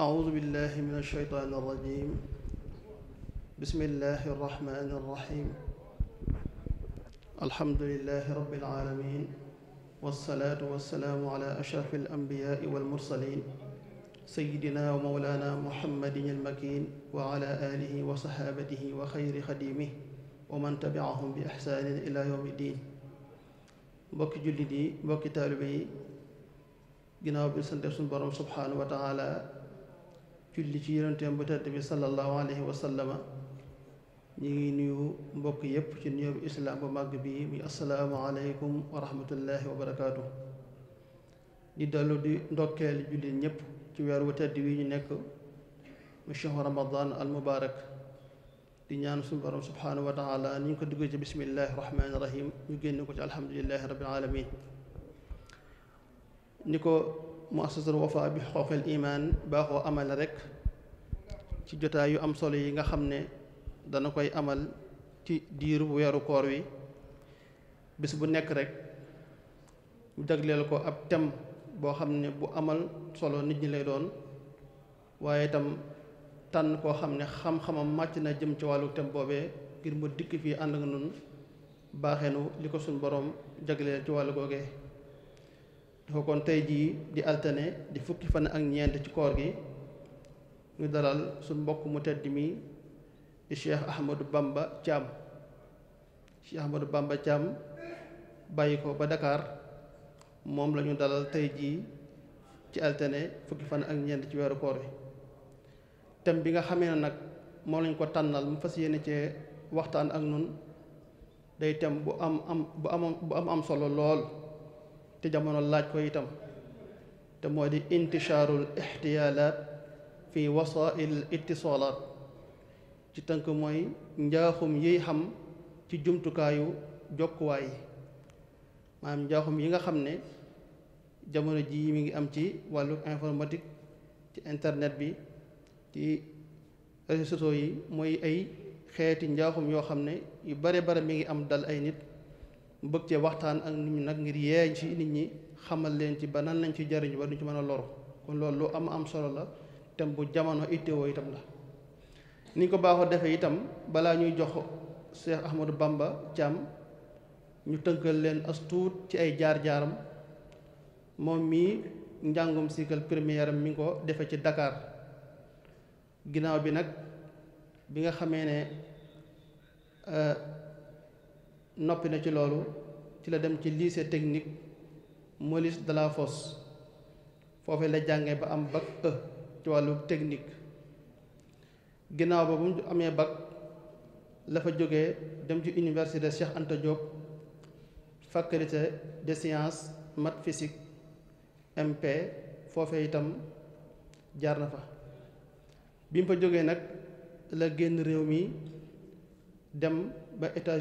أعوذ بالله من الشيطان الرجيم بسم الله الرحمن الرحيم الحمد لله رب العالمين والصلاة والسلام على أشرف الأنبياء والمرسلين سيدنا ومولانا محمد المكين وعلى آله وصحابته وخير خديمه ومن تبعهم بإحسان إلى يوم الدين mbokki jullit yi mbokki taalibe yi ginnaaw bi sant suñu borom subhaanahu wa taala julli ci yonenteem bu tedd bi sallallahu alayhi wa sallama ñu ngi nuyu mbokk yépp ci nuyoobu islaam bu màgg bi muy assalaamu aleykum wa rahmatullahi di dellu di ndokkeel jullit ñépp ci weer wu tedd wi ñu nekk mu shahru ramadan al di ñaan suñu borom subhaanahu ni ñu ko duggee ci bismillahi rahmaani rahim ñu génn ko ci alhamdulillahi rabbil alamin ni ko muassasatul Wafa bi xooxel imaan baaxoo amal rek ci jotaay yu am solo yi nga xam ne dana koy amal ci diiru weeru koor wi bés bu nekk rek jagleel ko ab thème boo xam ne bu amal solo nit ñi lay doon waaye itam tànn koo xam ne xam-xamam màcc na jëm ci wàllu thème boobee ngir mu dikk fii ànd ak nun baaxee nu li ko suñ boroom jagleel ci wàllu googee dafa kon tey jii di altane di fukki fan ak ñeent ci koor gi ñu dalal suñ mbokk mu tedd mi di Cheikh Ahmadou Bamba Thiam Cheikh Ahmadou Bamba Thiam bàyyi ko ba dakaar moom la ñu dalal tey jii ci altene fukki fan ak ñeent ci weeru koor bi tem bi nga xamee ne nag moom lañ ko tànnal mu fas yéene cee waxtaan ak nun day thème bu am am bu am bu am am solo lool te jamono laaj ko itam te moo di intishaarul ixtiyaalaat fi wasail ittisaalaat ci tënk mooy njaaxum yi xam ci jumtukaayu jokkuwaay yi maanaam njaaxum yi nga xam ne jamono ji mi ngi am ci wàllu informatique ci internet bi ci réseaux yi mooy ay xeeti njaaxum yoo xam ne yu bare bare mi ngi am dal ay nit mu bëgg cee waxtaan ak nit ñi nag ngir yeeñ ci nit ñi xamal leen ci ba nan lañ ci jariñ ba duñ ci mën a loru kon loolu lu am am solo la itam bu jamono itteewoo itam la ni ko baaxoo defee itam balaa ñuy jox Cheikh Ahmadou Bamba Thiam ñu tënkal leen as tuut ci ay jaar-jaaram moom mii njàngum cycle première am mi ngi ko defee ci dakaar ginnaaw bi nag bi nga xamee ne euh, noppi na ci loolu ci la dem ci lycée technique Maurice Delafosse foofee la jànge ba am bac e ci wàllu technique ginnaaw ba bu mu amee bac la fa jógee dem ci université Cheikh Anta Diop faculté de sciences maths physique MP foofee itam jaar na fa bim mu fa jógee nag la génn réew mi dem ba états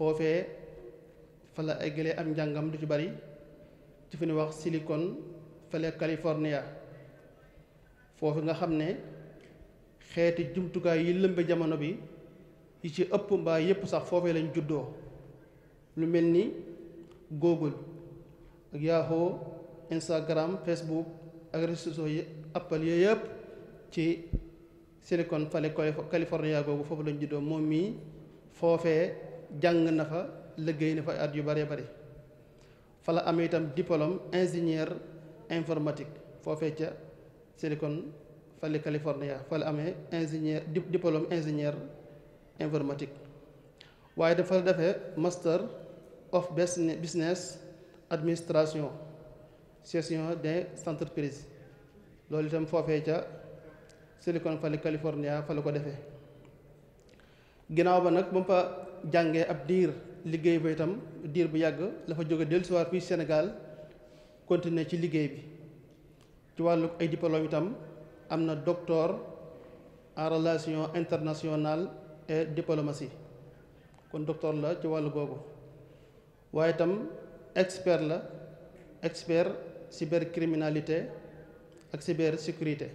foofee fala la eggalee am njàngam du ci bari ci fi ñu wax Silicon fale California foofu nga xam ne xeeti jumtukaay yi lëmbe jamono bi yi ci ëpp mbaa yépp sax foofee lañ juddoo lu mel ni Google ak Yahoo Instagram Facebook ak yi Apple yooyu yëpp ci Silicon Valley California googu foofu lañ juddoo moom mii foofee jàng na fa liggéey na fa at yu bëree bëri fa la amee itam diplôme ingénieur informatique foofee ca Silicon Valley California fa la amee ingénieur diplôme ingénieur informatique waaye dafa la defee master of business administration gestion des entreprises loolu itam foofee ca Silicon Valley California fa la ko defee ginnaaw ba nag ba fa jànge ab diir liggéey ba itam diir bu yàgg la fa jóge dellusiwaat fii Sénégal continuer ci liggéey bi ci wàllu ay diplôme itam am na doctor en relation internationale et diplomatie kon docteur la ci wàllu boobu waaye itam expert la expert cybercriminalité ak cybersécurité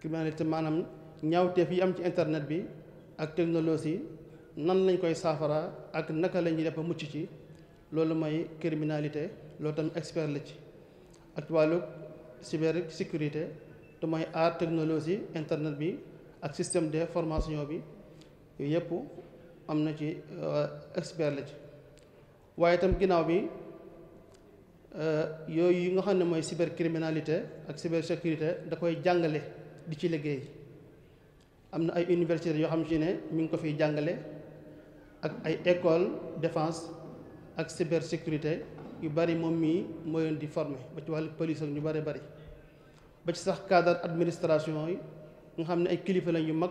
criminalité maanaam ñaawteef yi am ci internet bi ak technologie nan lañ koy saafara ak naka lañuy ñuy def mucc ci loolu mooy criminalité loo tam expert la ci ak wàllu cyber sécurité te mooy aar technologie internet bi ak système de formation bi yooyu yëpp am na ci euh, expert la ci waaye itam ginnaaw bi euh, yooyu yi nga xam ne mooy cybercriminalité ak cybersécurité da koy jàngale di ci liggéey am na ay université yoo xam ci ne ñu ngi ko fiy jàngale ak ay école défense ak sécurité yu bari moom mii mooy leen di former ba ci wàllu police ak ñu bari bari ba ci sax cadre administration yi nga xam ne ay kilifa lañ yu mag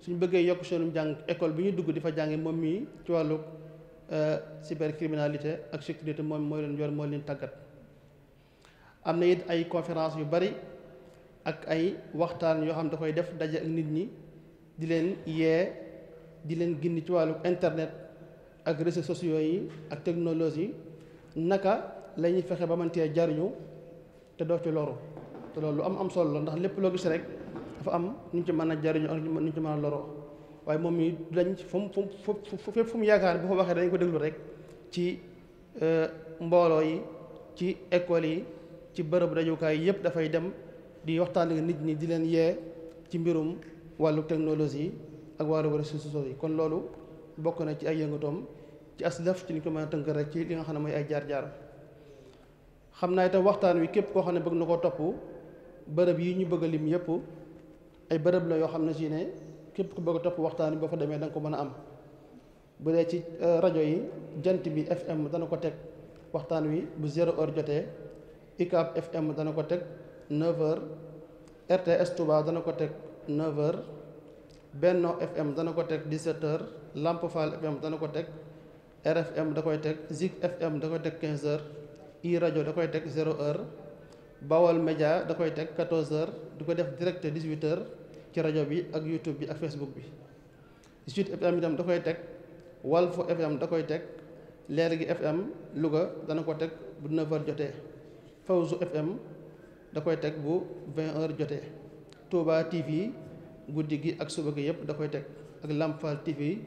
suñ bëggee yokk seenum jàng école bi ñu dugg di fa jànge moom mii ci wàllu euh, cybercriminalité ak sécurité moom mooy leen yor moo leen tàggat am na it ay conférence yu bari ak ay waxtaan yoo xam da koy def daje ak nit ñi di leen yee di leen gindi ci wàllu internet ak réseaux sociaux yi ak technologie naka la ñuy fexe ba mantee jariñu te doo ci loro te loolu am am solo la ndax lépp loo si rek dafa am ñu ci mën a jariñu ak ñu ci man a loroo waaye moom mi dañ fu mu fu fépp fu mu yaakaar bu ko waxee dañ ko déglu rek ci euh, mbooloo yi ci école yi ci bërëb rajukaay yëpp dafay dem di waxtaan nit ñi di leen yee ci mbirum wàllu technologie ak waa ressources yi kon loolu bokk na ci ay yëngatoom ci aslaf ci li ko mën a tënk rek ci li nga xam ne mooy ay jaar-jaaram xam naa itam waxtaan wi képp koo xam ne bëgg na koo topp bërëb yi ñu bëgg a lim yëpp ay bërëb la yoo xam ne si ne képp ku bëgg topp waxtaan wi boo fa demee ko mën a am bu ci euh, rajo yi bi FM dana ko teg waxtaan wi bu zéro heure jotee ICAP FM dana ko teg 9h RTS Touba dana ko teg 9 Benno FM dana ko teg 17h Lamp Fall FM dana ko teg RFM da koy teg Zik FM da koy teg 15h i rajo da koy teg 0h Bawal Média da koy teg 14h du ko def direct 18h ci rajo bi ak YouTube bi ak Facebook bi. Sud FM itam da koy teg Walf FM da koy teg Leer gi FM Louga dana ko teg bu 9h jotee Fawzu FM da koy teg bu vingt heure jotee Touba TV. guddi gi ak suba gi yëpp da koy teg ak Lamp Fall TV yi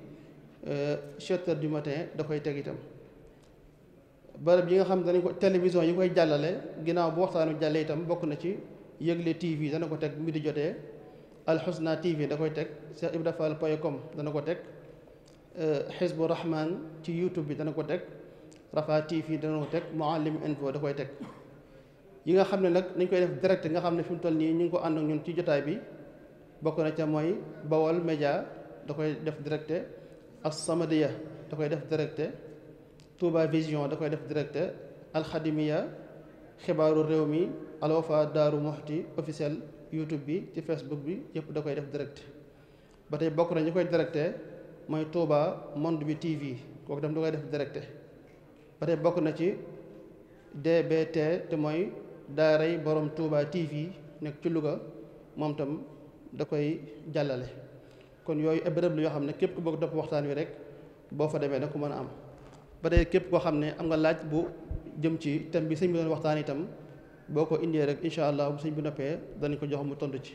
euh, sept heures du matin da koy teg itam barab yi nga xam ne ko télévision yi koy jàllale ginnaaw bu waxtaanu jàlle itam bokk na ci yëgle TV dana ko teg midi jotee alxusna TV da koy teg Cheikh Ibra Fall point com dana ko teg xisbu euh, rahman ci youtube bi dana ko teg rafa TV dana ko teg muallim info da koy teg yi nga xam ne nag nañ koy def direct nga xam ne fi mu toll nii ñu ngi ko ànd ak ñun ci jotaay bi bokk na ca mooy Bawal Média da koy def directe As-Samadiya da koy def directe Touba Vision da koy def directe Alxadimiya xibaaru réew mi Al Wafa Daaru Muxti officiel YouTube bi ci Facebook bi yëpp da koy def direct ba tey bokk na ñu koy directe mooy Touba Monde bi TV kooku dem da koy def directe ba tey bokk na ci DBT te mooy daaray borom Touba TV nekk ci Louga moom tam da koy jàllale kon yooyu ay bërëb la yoo xam ne képp ku bëgg dopp waxtaan wi rek boo fa demee da ko mën a am ba tey képp koo xam ne am nga laaj bu jëm ci thème bi sëñ bi doon waxtaan itam boo ko indee rek incha allah bu sëñ bi noppee danañ ko jox mu tontu ci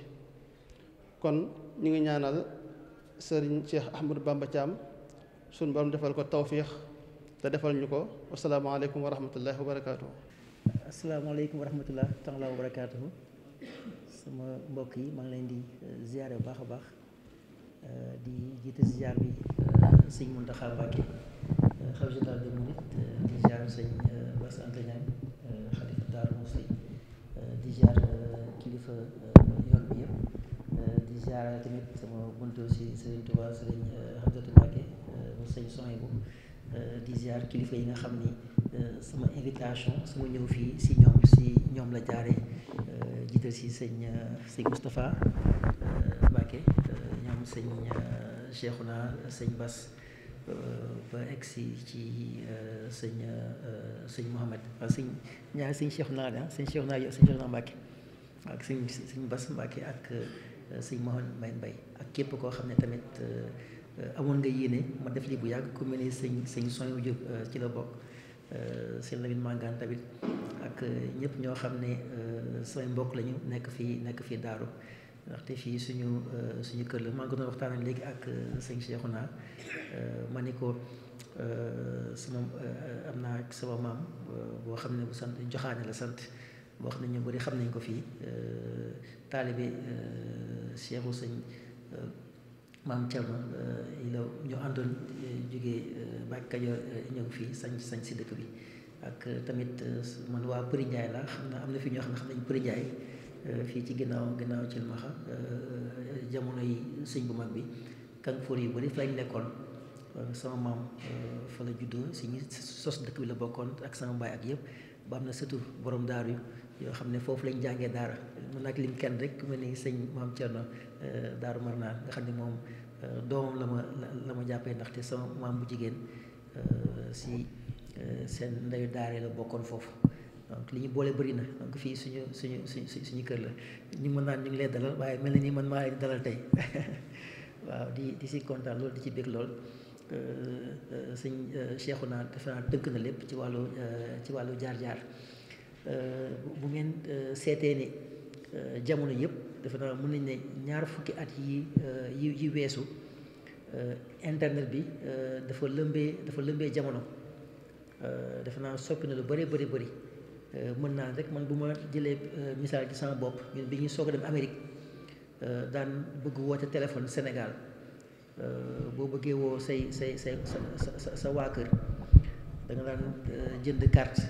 kon ñu ngi ñaanal sëriñ Cheikh Ahmadou Bamba Thiam suñu borom defal ko tawfiix te defal ñu ko wasalaamaaleykum wa rahmatullahi wa barakaatu. asalaamaaleykum wa rahmatulah taala wa barakaatu. sama mbokk yi maa ngi leen di euh, ziare bu baax a baax euh, di jiite ziar bi euh, sëñ Mountakha Mbacké xalifa général des mourides di ziar sëñ Bass Anta Niang xalifa Daaru Muxti di ziar kilifa yoon bi yëpp di ziar tamit sama buntu si sëriñ Touba sëriñ Hamdatu Mbacké mu sëñ Sohaybou di ziar kilifa yi nga xam ni Euh, sama invitation sama ñëw fii si ñoom si ñoom la jaare euh, jiital si sëñ euh, sëñ Moustapha Mbacké ñoom sëñ Cheikhouna sëñ Bass ba egg si ci sëñ sëñ Mouhamed waaw sëñ ñaari sëñ Cheikhouna la sëñ Cheikhouna sëñ Cheikhouna Mbacké ak sëñ sëñ Bass Mbacké ak sëñ Mouhamed Mbaye Mbaye ak képp koo xam ne tamit amoon nga yéene ma def lii bu yàgg ku mel ni sëñ sëñ Sonia Diop ci la bokk Euh, sëñ Lamine Mangane tamit ak euh, ñëpp ñoo xam ne euh, samay mbokk lañu nekk fii nekk fii daaru ndaxte fii suñu suñu kër la maa ngi doon waxtaan léegi ak sëñ naa ma ni ko sama am naa ak sama maam boo xam ne bu sant joxaane la sant boo xam ne ñu bëri xam nañ ko fii taalibe Cheikhu sëñ maam Thierno eh, yi la ñu àndoon eh, jógee eh, Mbàkke Kajoor ñëw fii sañ sañ si dëkk bi ak tamit man waa Përi la xam na am na fi ñoo xam ne xam nañ Përi Njaay fii ci ginnaaw ginnaaw ci Maxa jamono yi sëñ bu mag bi kanfoor yu bari fa lañ nekkoon sama maam fa la juddoo si sos dëkk bi la bokkoon ak sama mbaay ak yëpp ba am na setu borom yi yoo xam ne foofu lañu jàngee daara mën nag lim kenn rek ku mel ni sëñ maam Thierno euh, Daaru Marnaan nga xam ne moom euh, doomam la ma la ma jàppee ndaxte sama maam bu jigéen euh, si seen ndeyu daaree la bokkoon foofu donc li ñu boole bëri na fii suñu suñu suñu kër la ñu mën naan ñu ngi lay dalal waaye mel na ni man maa lay dalal tey waaw di di si kontaan loolu di ci bég lool sëñ Cheikhouna defe naa na lépp ci wàllu ci wàllu jaar-jaar. Euh, bu ngeen euh, seetee ne euh, jamono yëpp dafa naa mën nañ ne ñaar fukki at yi yi yi weesu internet bi dafa lëmbee dafa lëmbee jamono dafa naa soppi na lu bëree bëri bëri mën naa rek man bu ma jëlee misaal ci sama bopp ñun bi ñuy soog a dem Amérique daan bëgg woote téléphone Sénégal boo bëggee woo say say say sa sa waa kër danga nga daan jënd carte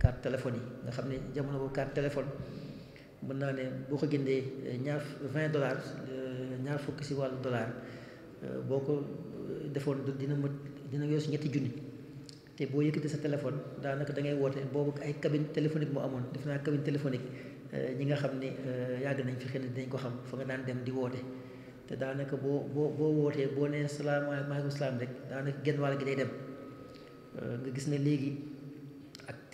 carte téléphone yi nga xam ne jamono boobu carte téléphone mën naa ne boo ko géndee eh, ñaar vingt dollars eh, ñaar fukki si wàllu dollar eh, boo ko defoon dina mët dina weesu ñetti junni te boo yëkkati sa téléphone daanaka da ngay woote boobu ay cabine téléphonique moo amoon def naa cabine téléphonique ñi nga xam ne yàgg nañ fi xëy na dinañ ko xam fa nga daan dem di woote te daanaka boo boo boo wootee boo nee salaamaaleykum salaam rek daanaka genn wàll gi day dem nga gis ne léegi.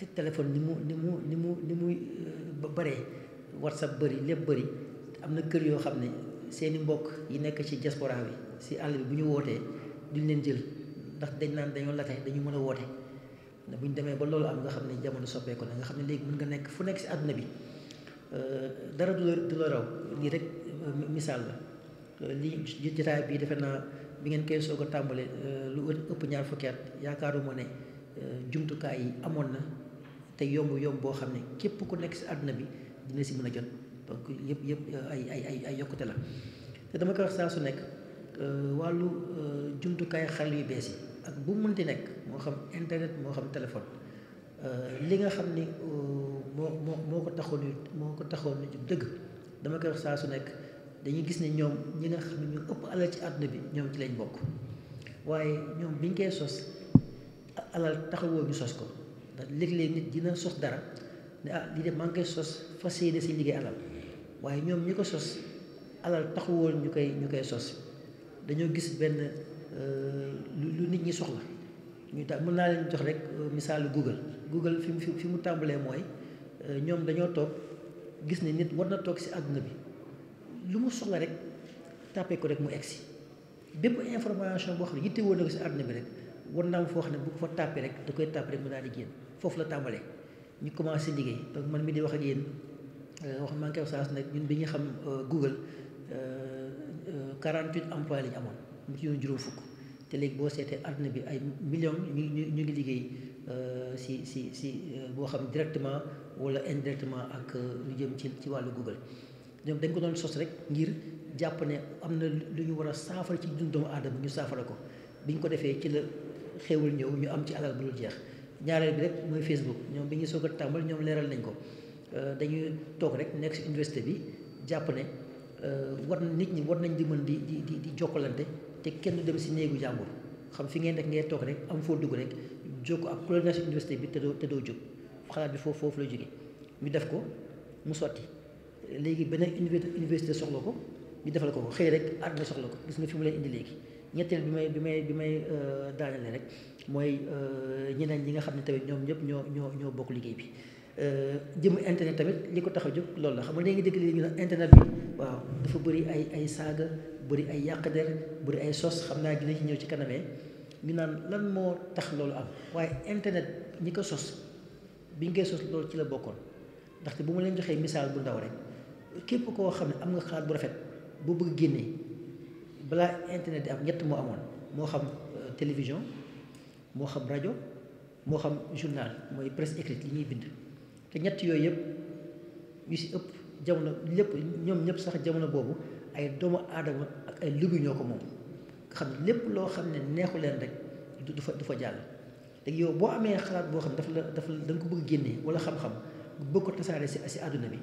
si téléphone ni mu ni mu ni mu ni muy euh, bëree whatsapp bëri lépp bëri am na kër yoo xam ne seeni mbokk yi nekk ci diaspora bi si àll bi bu ñu wootee duñ leen jël ndax dañ naan dañoo late dañu mën a woote ne bu ñu demee ba loolu am nga xam ne jamono soppeeku na nga xam ne léegi mën nga nekk fu nekk si àdduna bi euh, dara du la du la raw lii rek euh, misaal la lii jotaay bii defe naa bi ngeen koy soog a tàmbale lu ëpp ñaar fukki at yaakaaruma ne jumtukaay yi amoon na te yomb yomb boo xam ne képp ku nekk si àdduna bi dina si mën a jot donc yëpp yëpp ay ay ay ay yokkute la te dama koy wax saa su nekk euh, wàllu euh, jumtukaay xarala yu bees yi ak bu mu mënti nekk moo xam internet moo xam téléphone euh, li nga xam ni moo moo moo ko taxoon moo ko taxoon na jub dëgg dama koy wax saa su nekk dañuy gis ne ñoom ñi nga xam ne ñu ëpp alal ci àdduna bi ñoom ci lañ bokk waaye ñoom biñ koy sos alal taxawoo ñu sos ko ndax léeg-léeg nit dina sos dara ne ah lii de maa ngi koy sos fas yéene si liggéey alal waaye ñoom ñi ko sos alal taxuwoon ñu koy ñu koy sos dañoo gis benn euh, lu nit ñi soxla ñu tax mën naa leen jox rek euh, misaalu Google Google fi mu fi mu tàmbalee mooy euh, ñoom dañoo toog gis ne nit war na toog si àdduna bi lu mu soxla rek tàppee ko rek mu egg si bépp information boo xam ne yittewoo na si àdduna bi rek war naa am foo xam ne bu ko fa tàppee rek da koy tàpp rek mu daal di foofu la tàmbalee ñu commencé liggéey donc man mi di wax ak yéen euh, wax maa ngi koy nag ñun bi ñu xam euh, Google 48 euh, emplois la ñu amoon mu ci yoon juróom fukk te léegi boo seetee àddina bi ay millions ñu ñu ngi liggéey si si si boo xam directement wala indirectement ak lu jëm ci ci wàllu Google ñoom dañ ko doon sos rek ngir jàpp ne am na lu ñu war a saafara ci dundu doomu aadama ñu saafara ko bi ñu ko defee ci la xéewal ñëw ñu am ci alal bu dul jeex. ñaareel bi rek mooy Facebook ñoom bi ñuy soog a tàmbal ñoom leeral nañ ko euh, dañuy toog rek nekk si université bi jàpp ne euh, war nit ñi war nañ di mën di di di di jokkalante te kenn du dem si néegu jàmbur xam fi ngeen rek ngay toog rek am foo dugg rek jokk ak ku la nekk université bi te doo te doo jóg xalaat bi foofu foofu la jóge ñu def ko mu sotti léegi beneen université soxla ko ñu defal ko ko xëy rek àdduna soxla ko gis nga fi mu leen indi léegi ñetteel bi may bi may bi may euh, daanale rek mooy euh, ñeneen ñi nga xam ne tamit ñoom ñëpp ñoo ñoo ñoo bokk liggéey bi euh, jëm internet tamit li ko tax a jóg loolu la xam nga léegi dégg li ñu ne internet bi waaw dafa bëri ay ay saaga bëri ay yàq ay sos xam naa dina ci ñëw ci kanamee ñu naan lan moo tax loolu am waaye internet ñi ko sos bi ngay sos loolu ci la bokkoon ndaxte bu ma leen joxee misaal bu ndaw rek képp koo xam ne am nga xalaat bu rafet boo bëgg génnee balaa internet di am ñett moo amoon moo xam euh, télévision moo xam rajo moo xam journal mooy presse écrite li ñuy bind te ñett yooyu yëpp yu si ëpp jamono lépp ñoom ñëpp sax jamono boobu ay doomu aadama ak ay ligu ñoo ko moom xam ne lépp loo xam ne neexu leen rek du fa du fa jàll léegi yow boo amee xalaat boo xam ne dafa la dafa la da ko bëgg génnee wala xam-xam bëgg ko tasaare si si àdduna bi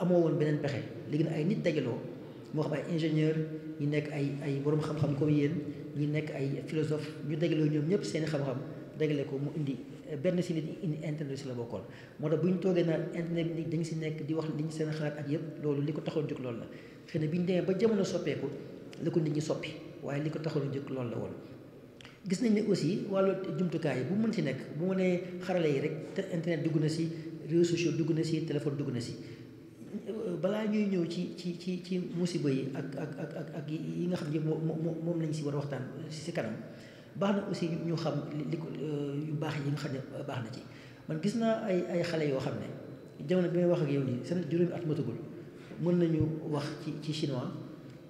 amoo woon beneen pexe léegi na ay nit dajaloo moo xam ay ingénieur ñi nekk ay ay borom xam-xam comme yéen ñi nekk ay philosophe ñu dajaloo ñoom ñëpp seen xam-xam dajale ko mu indi eh, benn si nit indi internet si la bokkoon moo tax bu ñu toogee naan internet bi dañu si nekk di wax li ñu seen xalaat ak yëpp loolu li ko taxoon jóg loolu la xëy bi ñu demee ba jamono soppeeku la ko nit ñi soppi waaye li ko taxoon jóg lool la woon gis nañ ne aussi wàllu jumtukaay yi bu mën si nekk bu mu nee xarale yi rek te internet dugg na si réseaux dugg na si téléphone dugg na si balaa ñuy ñëw ci ci ci ci musiba yi ak ak ak ak ak yi nga xam ne moom moom lañ si war waxtaan si baax na aussi ñu xam li ko euh, yu baax yi nga xam baax na ci man gis naa ay ay xale yoo xam ne jamono bi wax ak yow nii seen juróomi at mën nañu wax ci ci chinois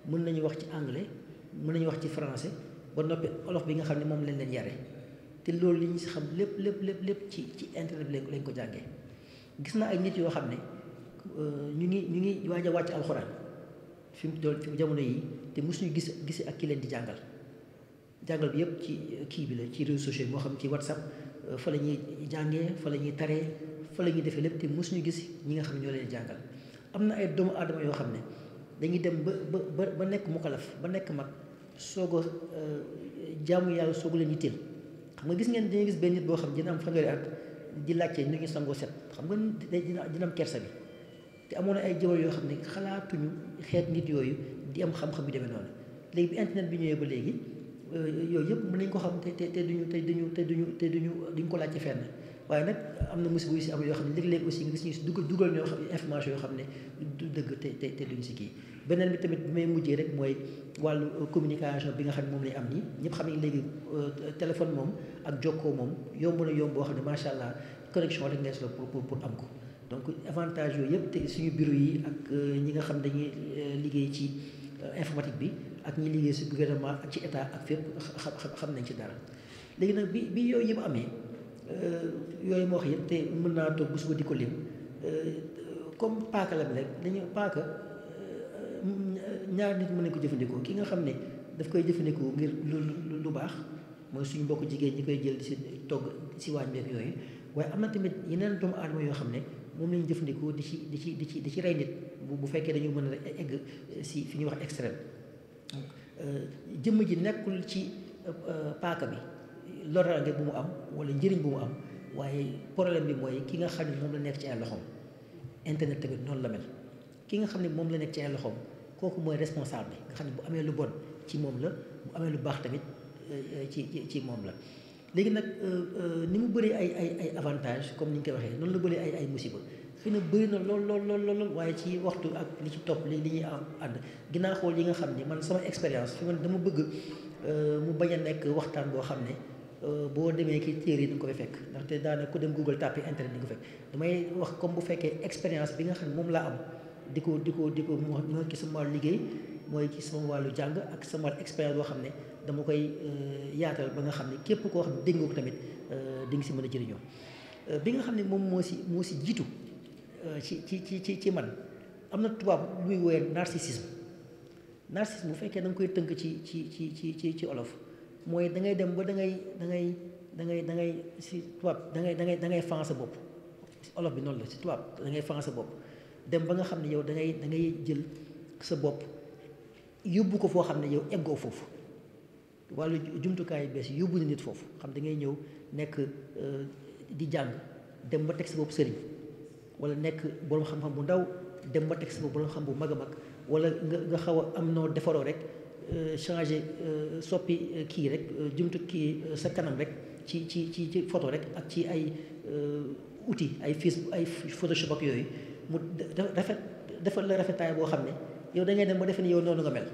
mën nañu wax ci anglais mën nañu wax ci français ba noppi olof bi nga xam ne moom lañ leen yare te loolu li ñu si xam lépp lépp lépp lépp ci ci internet bi lañ ko jàngee gis naa ay nit yoo xam ne. Euh, ñu ngi ñu ngi waaja a wàcc alxuraan fi mu doon fi jamono yi te mosuñu gis gise ak ki leen di jàngal jàngal bi yëpp ci kii bi la ci réseaux sociaux moo xam ci whatsapp euh, fa la ñuy jàngee fa la ñuy taree fa la ñuy defee lépp te mosuñu gis ñi nga xam ne ñoo leen jàngal am na ay doomu aadama yoo xam ne dañuy dem ba ba ba nekk mukalaf ba nekk mag soog a euh, jaamu yàlla soog leen yitteel xam nga gis ngeen dañuy gis benn nit boo xam dina am fanweeri at di laajte ni ñu sangoo set xam nga dina dina bi te amoon ay jamono yoo xam ne xalaatuñu xeet nit yooyu di am xam-xam yu demee noonu léegi bi internet bi ñëwee ba léegi euh, yooyu yëpp mën nañ ko xam te te te duñu te duñu te duñu te duñu duñ ko laajte fenn waaye nag am na musiba yu si am yoo xam ne léeg-léeg aussi nga si dugal dugal ñoo xam yoo xam ne du dëgg te te te duñ si kii beneen bi tamit bi may mujjee rek mooy wàllu euh, communication bi nga xam ne moom lañ am nii ñëpp xam ne léegi euh, téléphone moom ak jokkoo moom yomb na yomb boo xam ne macha allah connexion rek ngay soxla pour pour am ko donc avantage yooyu yëpp te suñu bureau yi ak euh, ñi nga xam dañuy euh, liggéey ci euh, informatique bi ak ñi liggéey si gouvernement ak ci état ak fépp xam nañ ci dara léegi nag bi bi yooyu yëpp amee yooyu ma wax yëpp te mën naa toog bu suba di ko lim comme paaka la rek dañu paaka ñaar nit mën nañ ko jëfandikoo ki nga xam ne daf koy jëfandikoo ngir lu lu baax mooy suñu mbokk jigéen ñi koy jël si togg si waañ beeg yooyu waaye am na tamit yeneen doomu aadama yoo xam ne moom lañu jëfandikoo di ci di ci di ci di ci rey nit bu bu fekkee dañu mën a egg si fi ñuy wax extrême euh, jëmm ji nekkul ci euh, paaka bi loraange bu mu am wala njëriñ bu mu am waaye problème bi mooy ki nga xam ne moom la nekk ci ay loxoom internet tamit noonu la mel ki nga xam ne moom la nekk ci ay loxoom kooku mooy responsable bi nga xam ne bu amee lu bon ci moom la bu amee lu baax tamit euh, ci ci moom la léegi nag euh, euh, ni mu bëri ay ay ay avantage comme ni ñu koy waxee noonu la bëri ay ay musiba xëy na bëri na lool lool lool lool waaye ci waxtu ak li ci topp li li ñuy ànd ginnaaw xool yi nga xam ni man sama expérience fi man dama bëgg euh, mu bañ a nekk waxtaan boo xam ne boo demee ki téere yi di ko fay fekk ndaxte daanaka ku dem Google tapé internet di nga ko fekk damay wax comme bu fekkee expérience bi nga xam ne moom laa am di ko di ko di ko mu ki sama wàllu liggéey mooy ci sama wàllu jàng ak sama expérience boo xam ne dama koy euh, yaatal ba nga xam ne képp koo xam ne dégg nga ko tamit euh, di nga si mën a jëriñoo euh, bi nga xam ne moom moo si moo si jiitu ci ci ci ci ci man am na tubaab muy woowee narcissisme narcissisme bu fekkee da nga koy tënk ci ci ci ci ci olof mooy da ngay dem ba da ngay da ngay da ngay da si tubaab da ngay da ngay da ngay fan sa bopp olof bi noonu la si tubaab da ngay fan sa bopp dem ba nga xam ne yow da ngay da jël sa bopp yóbbu ko foo xam ne yow eggoo foofu wàllu jumtukaay bees yi yóbbu na nit foofu xam da ngay ñëw nekk euh, di jàng dem ba teg si bopp sëriñ wala nekk borom xam-xam bu ndaw dem ba teg sa bopp borom xam bu mag a mag wala nga nga xaw a am noo defaroo rek euh, changer euh, soppi kii rek jumtu kii sa kanam rek ci ci ci ci photo rek ak ci ay outil ay Facebook ay photoshop ak yooyu mu rafet defal la rafetaay boo xam ne yow da ngay dem ba defe ne yow noonu nga mel.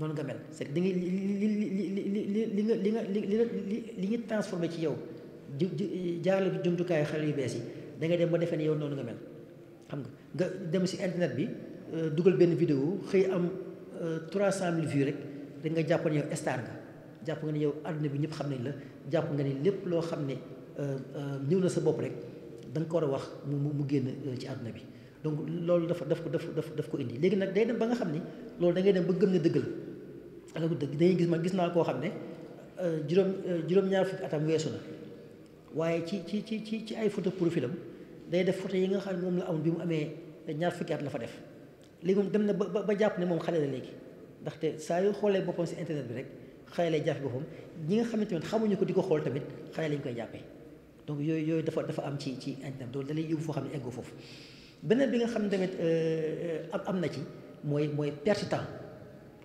noonu nga mel c'est que di nga li li li li li nga li nga li li ñu transformé ci yow ju jaarale jumtukaayu xel yu bees yi da nga dem ba defee ne yow noonu nga mel xam nga nga dem si internet bi euh, dugal benn vidéo xëy am 300000 euh, vues rek da nga jàpp ne yow star nga jàpp nga ne yow àdduna bi ñëpp xam nañ la jàpp nga ne lépp loo xam ne ñëw euh, na sa bopp rek da nga ko war a wax mu mu génn ci àdduna bi donc loolu dafa daf ko daf daf ko indi léegi nag day dem ba nga xam ni loolu da ngay dem ba gëm ne dëgg la alagu dëgg dañuy gis ma gis naa koo xam ne euh, juróom euh, juróom-ñaar fukki atam weesu na waaye ci ci ci ci ci ay photo profil day def foto yi nga xam ne moom la am bi mu amee ñaar fukki at def léegi moom dem na ba ba jàpp ne moom xale la léegi ndaxte saa yu xoolee boppam si internet bi rek xale lay jàpp boppam ñi nga xamante ne xamuñu ko di ko xool tamit xale lañ koy jàppee donc yooyu yooyu dafa dafa am ci ci internet loolu da lay yóbbu foo xam ne eggoo foofu beneen bi nga xam ne tamit euh, am am na ci mooy mooy perte temps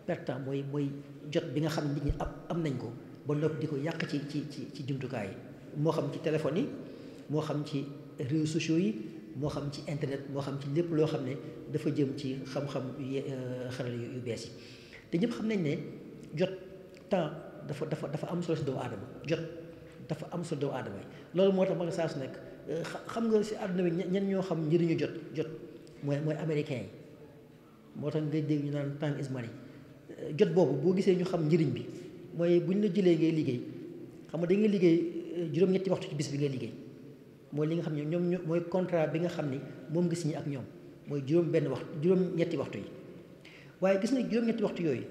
perte mooy mooy jot bi nga xam ne nit ñi am nañ ko ba noppi di ko yàq ci ci ci ci jumtukaay yi moo xam ci téléphone yi moo xam ci réseaux sociaux yi moo xam ci internet moo xam ci lépp loo xam ne dafa jëm ci xam-xam euh, xarala yu bees yi te ñëpp xam nañ ne jot temps dafa dafa dafa am solo si doomu aadama jot dafa am solo doomu aadama yi loolu moo tax ma nga saa su nekk euh, xam nga si àdduna bi ñen ñoo xam njëriñu jot jot mooy mooy américain yi moo tax nga dégg ñu naan time is money jot boobu boo gisee ñu xam njëriñ bi mooy bu ñu la jëlee ngay liggéey xam nga da liggéey euh, juróom-ñetti waxtu ci bis bi ngay liggéey mooy li nga xam ne ñoom ño mooy contrat bi nga xam ni moom gis ñi ak ñoom mooy juróom benn waxtu juróom-ñetti waxtu yi waaye gis na juróom-ñetti waxtu yooyu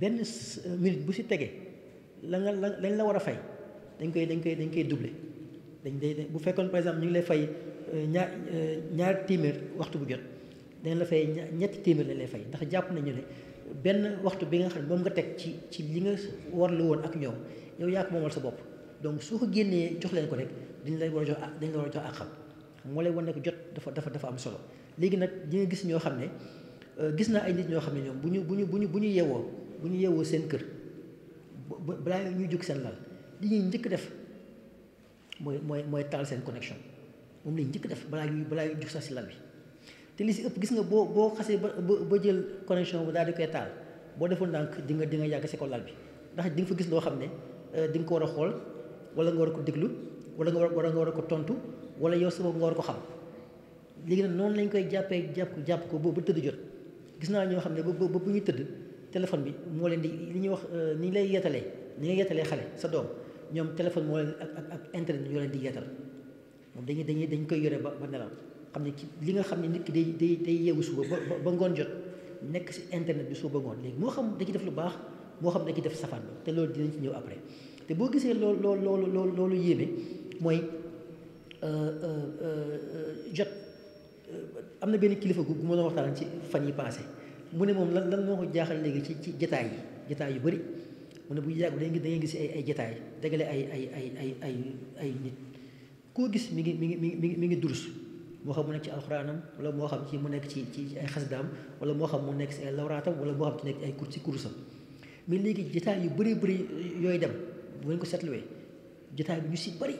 benn euh, minute bu si tegee la nga la lañ la war a fay dañ koy dañ koy dañ koy doublé dañ day bu fekkoon par exemple ñu ngi lay fay euh, ñaar ñaar téeméer waxtu bu jot dañ la fay ñetti téeméer lañ lay fay ndax jàpp nañu ne benn waxtu bi nga xam ne moom nga teg ci ci li nga warlu woon ak ñoom yow yaa ko moomal sa bopp donc soo ko génnee jox leen ko rek dañ lay war a jox dañ la war a ak xam moo lay wan ne ko jot dafa dafa dafa am solo léegi nag di nga gis ñoo xam ne euh, gis naa ay nit ñoo xam ne ñoom bu ñu bu ñu bu ñu bu ñu yeewoo bu ñu yeewoo seen kër balaa ñuy jóg seen lal li ñuy njëkk def mooy mooy mooy taal seen connexion moom la ñu njëkk def balaa ñuy balaa ñuy jóg sax si bi te li si ëpp gis nga boo boo xasee ba ba jël connexion bu daal di koy taal boo deful ndànk di nga di nga yàgg si ko lal bi ndax di nga fa gis loo xam ne euh, di nga ko war a xool wala nga war a ko déglu wala nga war a war a ko tontu wala yow sa bopp nga war ko xam léegi nag noonu lañ koy jàppee jàpp jàpp ko ba ba tëdd jot gis naa ñoo xam ne ba ba bu ñuy tëdd téléphone bi moo leen di li ñuy wax euh, ni ñu lay yeetalee ni ngay yeetalee xale sa doom ñoom téléphone moo leen ak ak ak di yeetal moom dañuy dañuy dañ koy yore ba ba xam ne ci li nga xam ne nit ki day day day yeewu suba ba ba ngoon jot nekk si internet bi suba ba ngoon léegi moo xam da ciy def lu baax moo xam da ciy def safaan bi te loolu dinañ ci ñëw après te boo gisee loolu loolu loolu loolu loolu yéeme mooy euh, euh, euh, jot am na benn kilifa gu ma doon waxtaan ci fan yi passé mu ne moom lan lan moo ko jaaxal léegi ci ci jataay yi jataay yu bari mu ne bu yàgg da ngay gis ay ay jataay dagale ay ay ay ay ay ay nit koo gis mu ngi mi ngi mi ngi mi ngi durus moo xam mu nekk ci alxuraanam wala moo xam ci mu nekk ci ci ay xasdaam wala moo xam mu nekk si ay lawraatam wala moo xam ci nekk ay kur ci kurusam mais léegi jotaay yu bëri bëri yooyu dem bu ngeen ko seetluwee jotaay bi ñu si bëri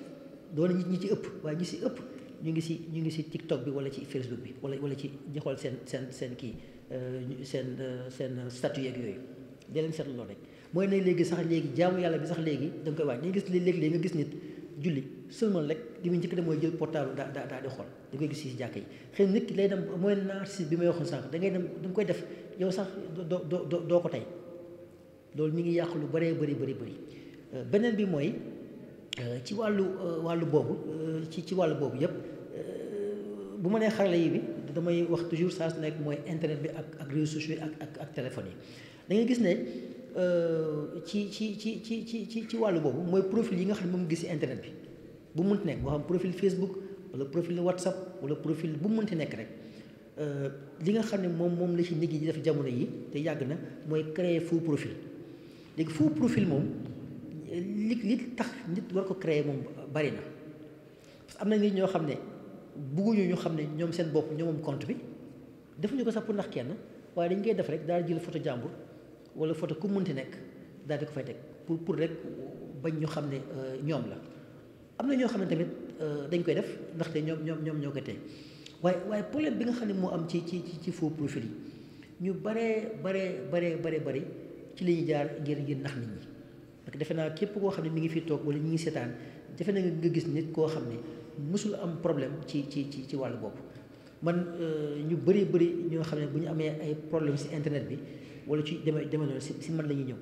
doon nit ñi ci ëpp waaye ñu si ëpp ñu ngi si ñu ngi si TikTok bi wala ci Facebook bi wala wala ci ñu xool seen seen seen kii euh, seen euh, seen statut yeeg yooyu da leen seetlu loolu rek mooy ne léegi sax léegi jaamu yàlla bi sax léegi da nga koy waaj dañu gis léeg-léeg nga gis nit julli seulement rek di muy njëkk de mooy jël portable daa daa di xool da koy gis si jàkk yi xëy nit ki lay dem mooy narcissisme bi may waxoon sànq da ngay dem da nga koy def yow sax doo doo doo ko tey loolu mi ngi yàq lu bëree bëri bëri bëri euh, beneen bi mooy euh, ci wàllu euh, wàllu boobu ci ci wàllu boobu yëpp bu ma nee xarala yi bi damay wax toujours saa su nekk mooy internet bi ak ak réseaux sociaux yi ak ak ak téléphone yi da ngay gis ne ci ci ci ci ci ci ci wàllu boobu mooy profil yi nga xam ne moom gis si internet bi bu mu munti nekk boo xam profil Facebook wala profil WhatsApp wala profil bu mu munti nekk rek euh, li nga xam ne moom moom la ci nit ñi di def jamono yi te yàgg na mooy créer faux profil léegi faux profil moom li li tax nit war ko créer moom bari na parce am na nit ñoo xam ne bugguñu ñu xam ne ñoom seen bopp ñoo moom compte bi defuñu ko sax pour ndax kenn waaye dañ koy def rek daal di jël photo jàmbur wala photo ku munti nekk daal di ko fay teg pour pour rek bañ ñu xam ne euh, ñoom la. am na ñoo xam ne tamit euh, dañ koy def ndaxte ñoom ñoom ñoom ñoo ko tey waaye waaye problème bi nga xam ne moo am ci ci ci faux profil yi ñu baree baree baree baree bari ci la jaar ngir ngir nax nit ñi parce defe naa képp koo xam ne mu ngi fi toog wala ñu ngi seetaan defe na nga gis nit koo xam ne mësul am problème ci ci ci ci wàllu bopp man euh, ñu bëri bëri ñoo xam ne bu ñu amee ay problème si internet bi wala ci demee demee noonu si man la ñuy ñëw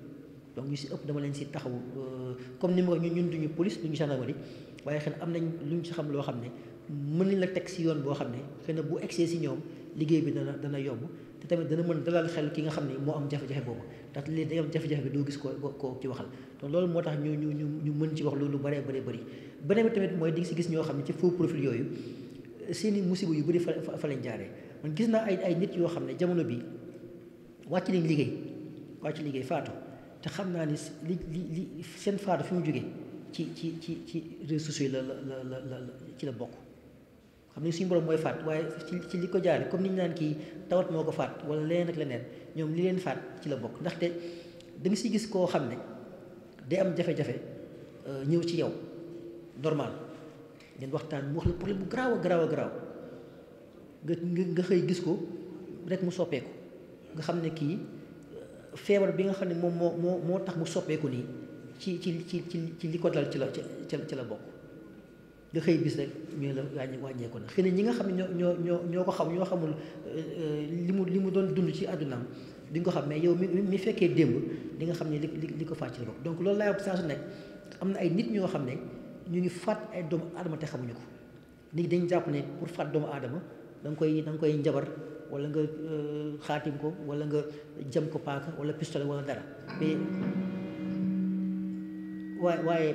donc ñu si ëpp dama leen si taxaw euh, comme ni ma ñu ñun duñu police duñu gendarmerie waaye xëy na am nañ lu ñu si xam loo xam ne mën nañ la teg si yoon boo xam ne xëy na bu egsee si ñoom liggéey bi dana dana yomb te tamit dana mën dalal xel ki xam ne moo am jafe-jafe boobu ndax léegi day am jafe-jafe bi doo gis ko ko ci waxal donc loolu moo tax ñu ñu ñu ñu mën ci wax loolu bëree bëri bari beneen bi tamit mooy di si gis ñoo xam ne ci foo profil yooyu seeni musiba yu bëri fa fa lañ jaare man gis naa ay ay nit yoo xam ne jamono bi wàcc nañ liggéey wàcc liggéey faatu te xam naa ni li seen faatu fi mu jógee ci ci ci ci réseaux sociaux yi la la la la ci la bokk xam ne suñu borom mooy faat waaye ci li ko jaare comme ni ñu naan kii tawat moo ko faat wala leneen ak leneen ñoom li leen faat ci la bokk ndaxte da nga si gis koo xam ne day am jafe-jafe euh, ñëw ci yow normal ngeen waxtaan mu wax la problème bu garaaw a garaaw a garaaw nga nga xëy gis ko rek mu soppeeku nga xam ne kii feebar bi nga xam ne moom moo moo moo tax mu soppeeku nii ci ci ci ci ci li ko dal ci la ci la bokk nga xëy bis rek ñu la wàññi wàññeeku na xëy na ñi nga xam ne ñoo ñoo ñoo ko xam ñoo xamul euh, li mu li mu doon dund ci àddunaam di nga ko xam mais yow mi mi fekkee démb di nga xam ne li li ko fàcc donc loolu laay wax saa su am na ay nit ñoo xam ne ñu ngi faat ay doomu aadama te xamuñu ko nit dañ jàpp ne pour faat doomu aadama da nga koy da koy njabar wala nga euh, xaatim ko wala nga jëm ko paaka wala pistolet wala dara mais waaye waaye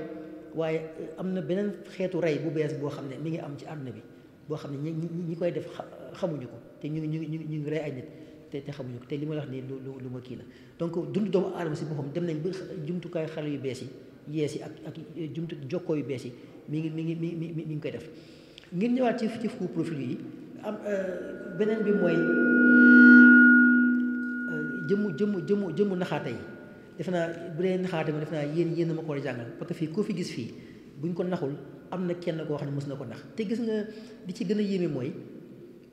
waaye am na beneen xeetu rey bu bees boo xam ne mi ngi am ci àdduna bi boo xam ne ñi ñi koy def xamuñu ko te ñu ngi ñu ngi ñu ngi ay nit te te xamuñu ko te li ma wax nii lu lu lu kii la donc dund doomu aadama si boppam dem nañ ba jumtukaay xale yu bees yi yees yi ak ak jumtu jokkoo yu bees yi mi ngi mi ngi mi mi mi ngi koy def ngir ñëwaat ci ci faux profil yi am euh, beneen bi mooy jëmm euh, jëmmu jëmmu jëmmu naxaate yi defe naa bu dee naxaate bi defe naa yéen yéen ma ko war a que fii koo fi gis fii buñ ko naxul am na kenn koo xam ne mës na ko nax te gis nga li ci gën a yéeme mooy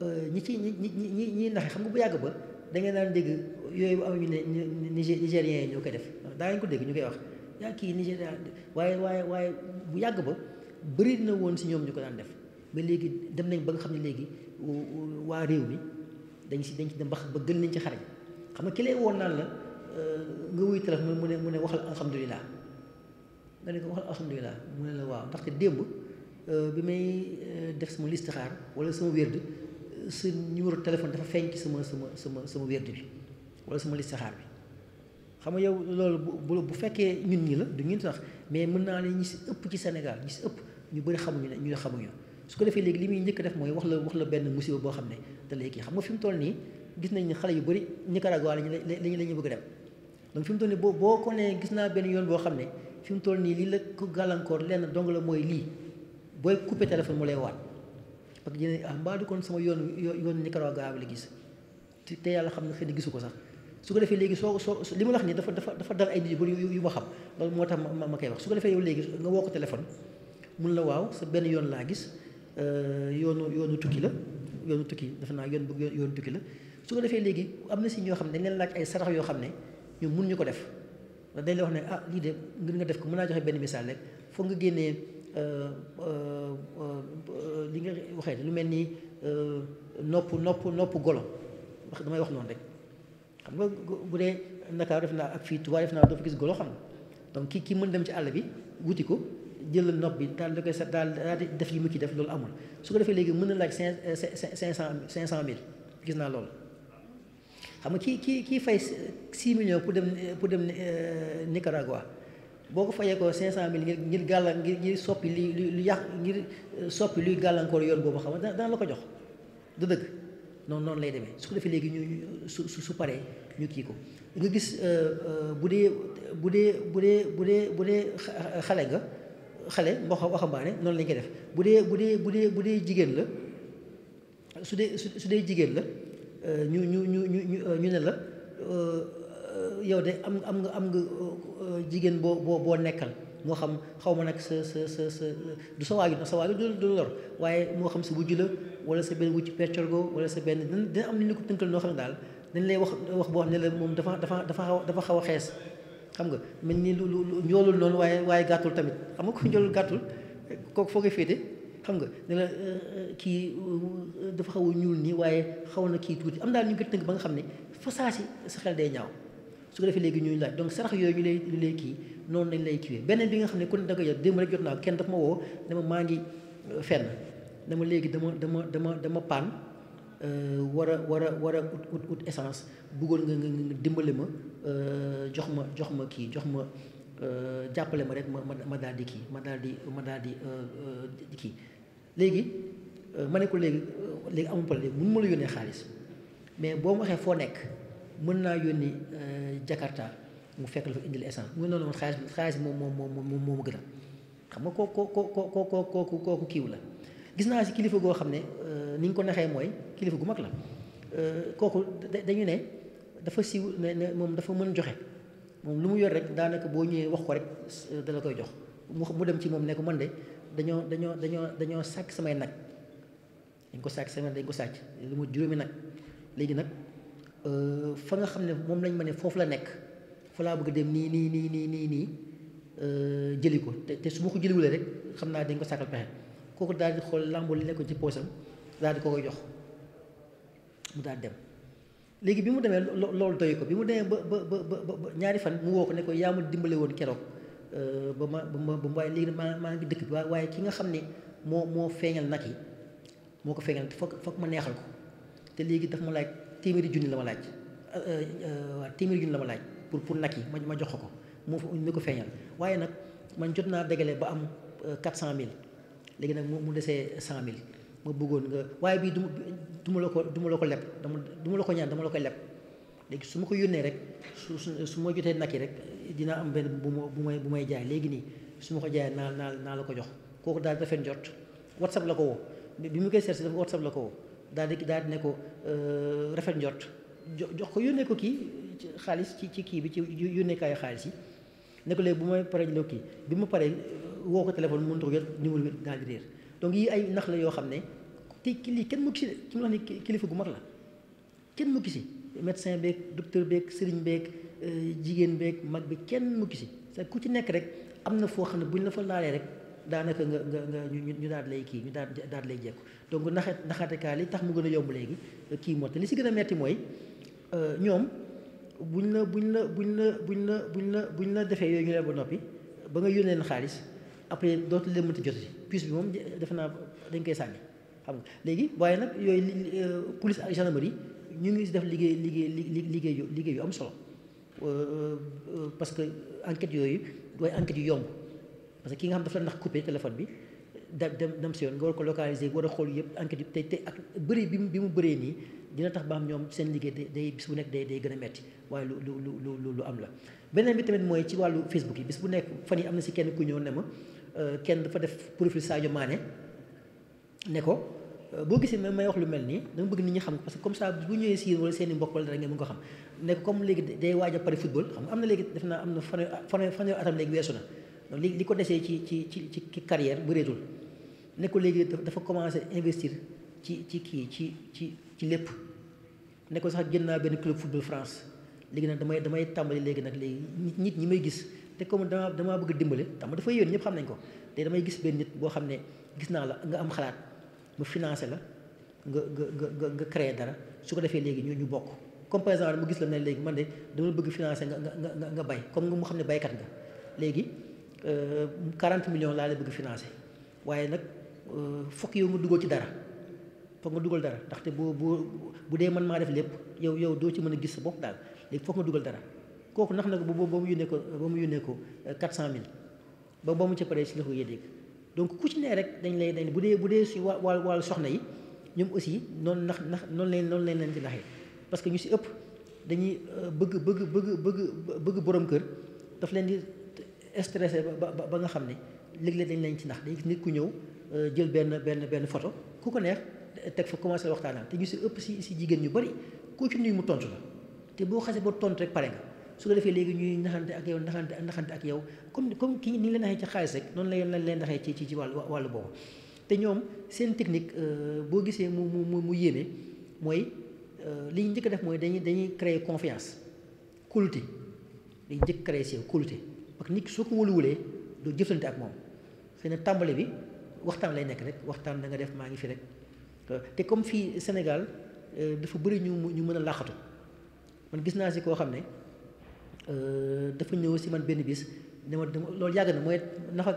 euh, ñi ci ñi ñi ñi ñiy naxe xam nga bu yàgg ba da daan dégg yooyu bu am ñu ne nigériens yi ñoo koy def daa ngeen ko dégg ñu koy wax yaa kii Nigéria waaye waaye waaye bu yàgg ba bëri na woon si ñoom ñu ko daan def ma léegi dem nañ ba nga xam ne léegi waa réew mi dañ si dañ si dem ba ba gën nañ ci xarañ xam nga ki lay woon naan la euh, nga wuy telef mu ne mu ne waxal alhamdulilah nga ne ko waxal alhamdulilah mu ne la waaw ndaxte démb euh, bi may euh, def sama listixaar wala sama wérde sa numéro téléphone dafa feeñ ci sama sama sama sama wérde bi wala sama listixaar bi xam nga yow loolu bu bu fekkee ñun ñi la du ñun sax mais mën naa ne ñi si ëpp ci Sénégal ñi si ëpp ñu bëri xamuñu ne ñu xamuñu su ko defee léegi li muy njëkk def mooy wax la wax la benn musiba boo xam ne te léegi xam nga fi mu toll nii gis nañ ne xale yu bëri Nicaragua lañ lañ la ñu bëgg dem donc fi mu toll nii boo boo ko nee naa benn yoon boo xam ne fi toll nii lii la ko gàllankoor lenn dong la mooy lii booy coupé téléphone mu lay waat parce que yéen ah mbaa du kon sama yoon yoon Nicaragua bi la gis te yàlla xam ne xëy gisu ko sax su ko defee léegi soo soo li ma wax nii dafa dafa dafa dal ay nit yu bëri yu ma xam loolu moo tax ma ma koy wax su ko defee yow léegi nga woo ko mun la waaw sa benn yoon laa gis Euh, yoonu yoonu tukki la yoonu tukki dafa naa yoon bu yoonu tukki la su ko defee léegi am na si ñoo xam ne dañ leen laaj ay sarax yoo xam ne ñoom mun ñu ko def ndax dañ la wax ne ah lii de ngir nga def ko mën naa joxe benn misaal rek nga génnee euh, euh, li nga waxee lu mel ni nopp nopp nopp golo wax damay wax noonu rek xam nga bu dee Ndakaaru def naa ak fii Tuubaa def naa doo fa gis golo xam donc ki ki mën dem ci àll bi wuti ko jëlal nopp bi daal sa daal def yi mu ci def loolu amul su ko defee léegi mën na laaj cinq cinq cent cinq cent gis naa loolu xam nga kii kii kii fay six millions pour dem pour dem euh, Nicaragua boo ko fayee ko cinq cent mille ngir ngir gàlla ngir ngir soppi li lu yàq ngir soppi luy gàllankoor yoon boobu xam nga daan la ko jox du dëgg noonu noonu lay demee su ko defee léegi ñu su su paree ñu kii ko nga gis euh, euh, bu dee bu dee bu dee bu dee bu dee xale nga xale mboq waxambaane noonu la ñu def bu dee bu dee bu dee bu dee jigéen la su dee su dee jigéen la euh, ñu ñu ñu ñu ñu ne la euh, yow de am nga am nga am euh, nga jigéen boo boo boo nekkal moo xam xaw ma nag sa sa sa sa du sa waajur sa waajur du du waaye moo xam sa wujj la wala sa benn wujj peccorgo wala sa benn dina am ni ñu ko tënkal noo xam ne daal dañ lay wax wax boo xam ne la moom dafa dafa dafa xaw dafa xaw a xees xam nga mel nii lu lu njoolul noonu waaye waaye gàttul tamit xam nga ko njoolul gàttul kooku foo koy féete xam nga ne la euh, euh, kii euh, dafa xaw a ñuul nii waaye xaw na kii tuuti am daal ñu ngi tënk ba nga xam ne fasaasi sa xel day ñaaw su ko defee léegi ñu laaj donc sarax yooyu ñu lay ñu kii noonu lañ lay kiiwee beneen bi nga xam ne kon da nga jot démb rek jot naa kenn dafa ma woo dama maa ngi fenn dama léegi dama dama dama dama paan war a war a war ut ut ut essence bëggoon nga nga nga dimbale ma jox ma jox ma kii jox ma jàppale ma rek ma ma ma daal di kii ma daal di ma daal di kii. léegi ma ne ko léegi léegi amul problème mun ma la yónnee xaalis mais boo ma waxee foo nekk mën naa yónni Jakarta mu fekk la fa indil essence mu noonu xaalis xaalis moom moom moom moo ma gën a xam nga kooku kooku kooku kooku kooku kiiw la. gis naa si kilifa goo xam ne euh, ni ñu ko naxee mooy kilifa gu mag la euh, kooku dañu ne dafa siw ne ne moom dafa mën joxe moom lu mu yor rek daanaka boo ñëwee wax ko rek euh, dala koy jox mu dem ci moom ne ko mën de dañoo dañoo dañoo dañoo sàcc samay nag dañ ko sàcc samay dañ ko sàcc lu mu juróomi nag léegi nag fa nga xam ne moom lañ ma ne foofu la nekk fa laa bëgg dem nii nii nii nii nii nii jëli ko te te su ma ko jëliwulee rek xam naa dañ ko sàkkal pexe kooku daal di xool lambo li nekkoon ci poosam daal di ko koy jox mu daal dem léegi bi mu demee loolu doy ko bi mu demee ba ba ba ba ñaari fan mu woo ko ne ko yaa ma dimbale woon keroog euh, ba ma ba ma ba waaye léegi maa maa ngi dëkk bi waaye ki nga xam ne moo moo feeñal nag yi moo ko feeñal foog foog ma neexal ko te léegi daf ma laaj téeméeri junni la ma laaj euh, euh, waaw téeméeri junni la ma laaj pour pour nag yi ma ma jox ko ko moo fa ne ko feeñal waaye nag man jot naa dagale ba am mille léegi nag mu mu desee cent mille ma bëggoon nga waaye bii duma du la ko du la ko leb dama du la ko ñaan dama la koy leb léegi su ma ko yónnee rek su su su ma jotee nag yi rek dina am benn bu ma bu may bu may jaay léegi nii su ma ko jaayee naa naa naa la ko jox kooku daal dafa jot whatsapp la ko woo bi mu koy seet si dafa whatsapp la ko woo daal di daal di ne ko euh, rafet njort jox ko yónnee ko kii ci xaalis ci ci kii bi ci yónnee kaayu xaalis yi ne ko léegi bu may paree kii bi ma paree woo ko téléphone mënut ko jot numéro bi daal di réer donc yi ay nax la yoo xam ne te ki lii kenn mu gisi ci mu wax ne kilifa gu mag la kenn mu gisi médecin beeg docteur beeg sëriñ beeg euh, jigéen beeg mag bi kenn mukki si sa ku ci nekk rek am na foo xam ne buñ la fa laalee rek daanaka nga nga nga ñu daal lay kii ñu daal daal lay jekku donc naxa kaa li tax mu gën a yomb léegi kii moo te li si gën a metti mooy euh, ñoom buñ la buñ la buñ la buñ la buñ la buñ la defee yooyu ñu leen ba noppi ba nga yónnee xaalis après dootu leen mënti jotati puce bi moom defe naa dañ koy sànni xam nga léegi waaye nag yooyu euh, police ak gendarmerie ñu ngi def liggéey liggéey liggéey yu liggéey yu am solo euh, euh, parce que enquête yooyu waaye enquête yu yomb parce ki nga xam dafa la ndax coupé téléphone bi da dem dem si yoon nga war ko localiser war a xool yëpp enquête yi tey tey ak bëri bi mu bi mu bëree nii dina tax ba am ñoom seen liggéey day day bis bu nekk day day gën a metti waaye lu lu lu lu am la. beneen bi tamit mooy ci wàllu Facebook yi bis bu nekk fan yi am na si kenn ku ñëw ne ma. Euh, kenn dafa def profil Sadio maane ne ko euh, boo gisee may wax lu mel nii dama bëgg nit ñi xam ko parce que comme ça bu ñëwee si wala seen i mbokk wala dara ngeen mën ko xam ne ko comme léegi day waaj a pare football xam nga am na léegi def naa am na fanweer fanweer atam léegi weesu na donc li li ko desee ci ci ci ci carrière bëreetul ne ko léegi dafa commencé investir ci ci kii ci ci ci lépp ne ko sax jënd naa benn club football France léegi nag damay damay tàmbali léegi nag léegi nit ñi may gis. te comme dama damaa bëgg dimbale xam dafa yónni ñëpp xam nañ ko te damay gis benn nit boo xam ne gis naa la nga am xalaat mu financé la nga nga nga nga créé dara su ko defee léegi ñu ñu bokk comme par mu gis la ne léegi man de dama bëgg financé nga nga nga nga bay comme mu xam ne baykat nga léegi 40 euh, millions laa la bëgg financé waaye nag euh, fokk yow nga dugal ci dara fokk nga dugal dara ndaxte boo boo bu dee man maa def lépp yow yow doo ci mën a gis sa bopp daal léegi fokk nga dugal dara. kooku nax na ko ba ba yu ne ko ba mu yónnee ko 400000 euh, ba ba mu ca paree si la ko yéedeeg donc ku ci ne rek dañ lay dañ bu dee bu dee si wa wàllu soxna yi ñoom aussi noonu nax nax noonu lay noonu leen leen di naxee parce que ñu si ëpp dañuy euh, bëgg bëgg bëgg bëgg bëgg borom kër daf leen di stressé ba ba ba nga xam ne léeg-léeg dañ leen ci nax dañ gis nit ku ñëw euh, jël benn benn benn foto ku ko neex teg fa commencé waxtaanal te ñu si ëpp si si jigéen ñu bari ku ci nuyu mu tontu la te boo xasee ba tontu rek pare nga. su ko defee léegi ñuy naxante ak yow naxante naxante ak yow comme comme kii ni ñu la naxee ci xaalis rek noonu la lañ leen naxee ci ci ci wàllu wàllu boobu te ñoom seen technique euh, boo gisee mu mu mu yéeme mooy euh, li njëkk def mooy dañuy dañuy créer confiance kóolute dañuy njëkk créer si yow kóolute parce que nit ki soo ko wóoluwulee doo jëflante ak moom xëy na tàmbali bi waxtaan lay nekk rek waxtaan da nga def maa ngi fi rek euh, te comme fii Sénégal dafa bëri ñu ñu mën a laaxatu man gis naa si koo xam ne. Euh, dafa ñëw si man benn bis ne ma dama loolu yàgg na mooy nafa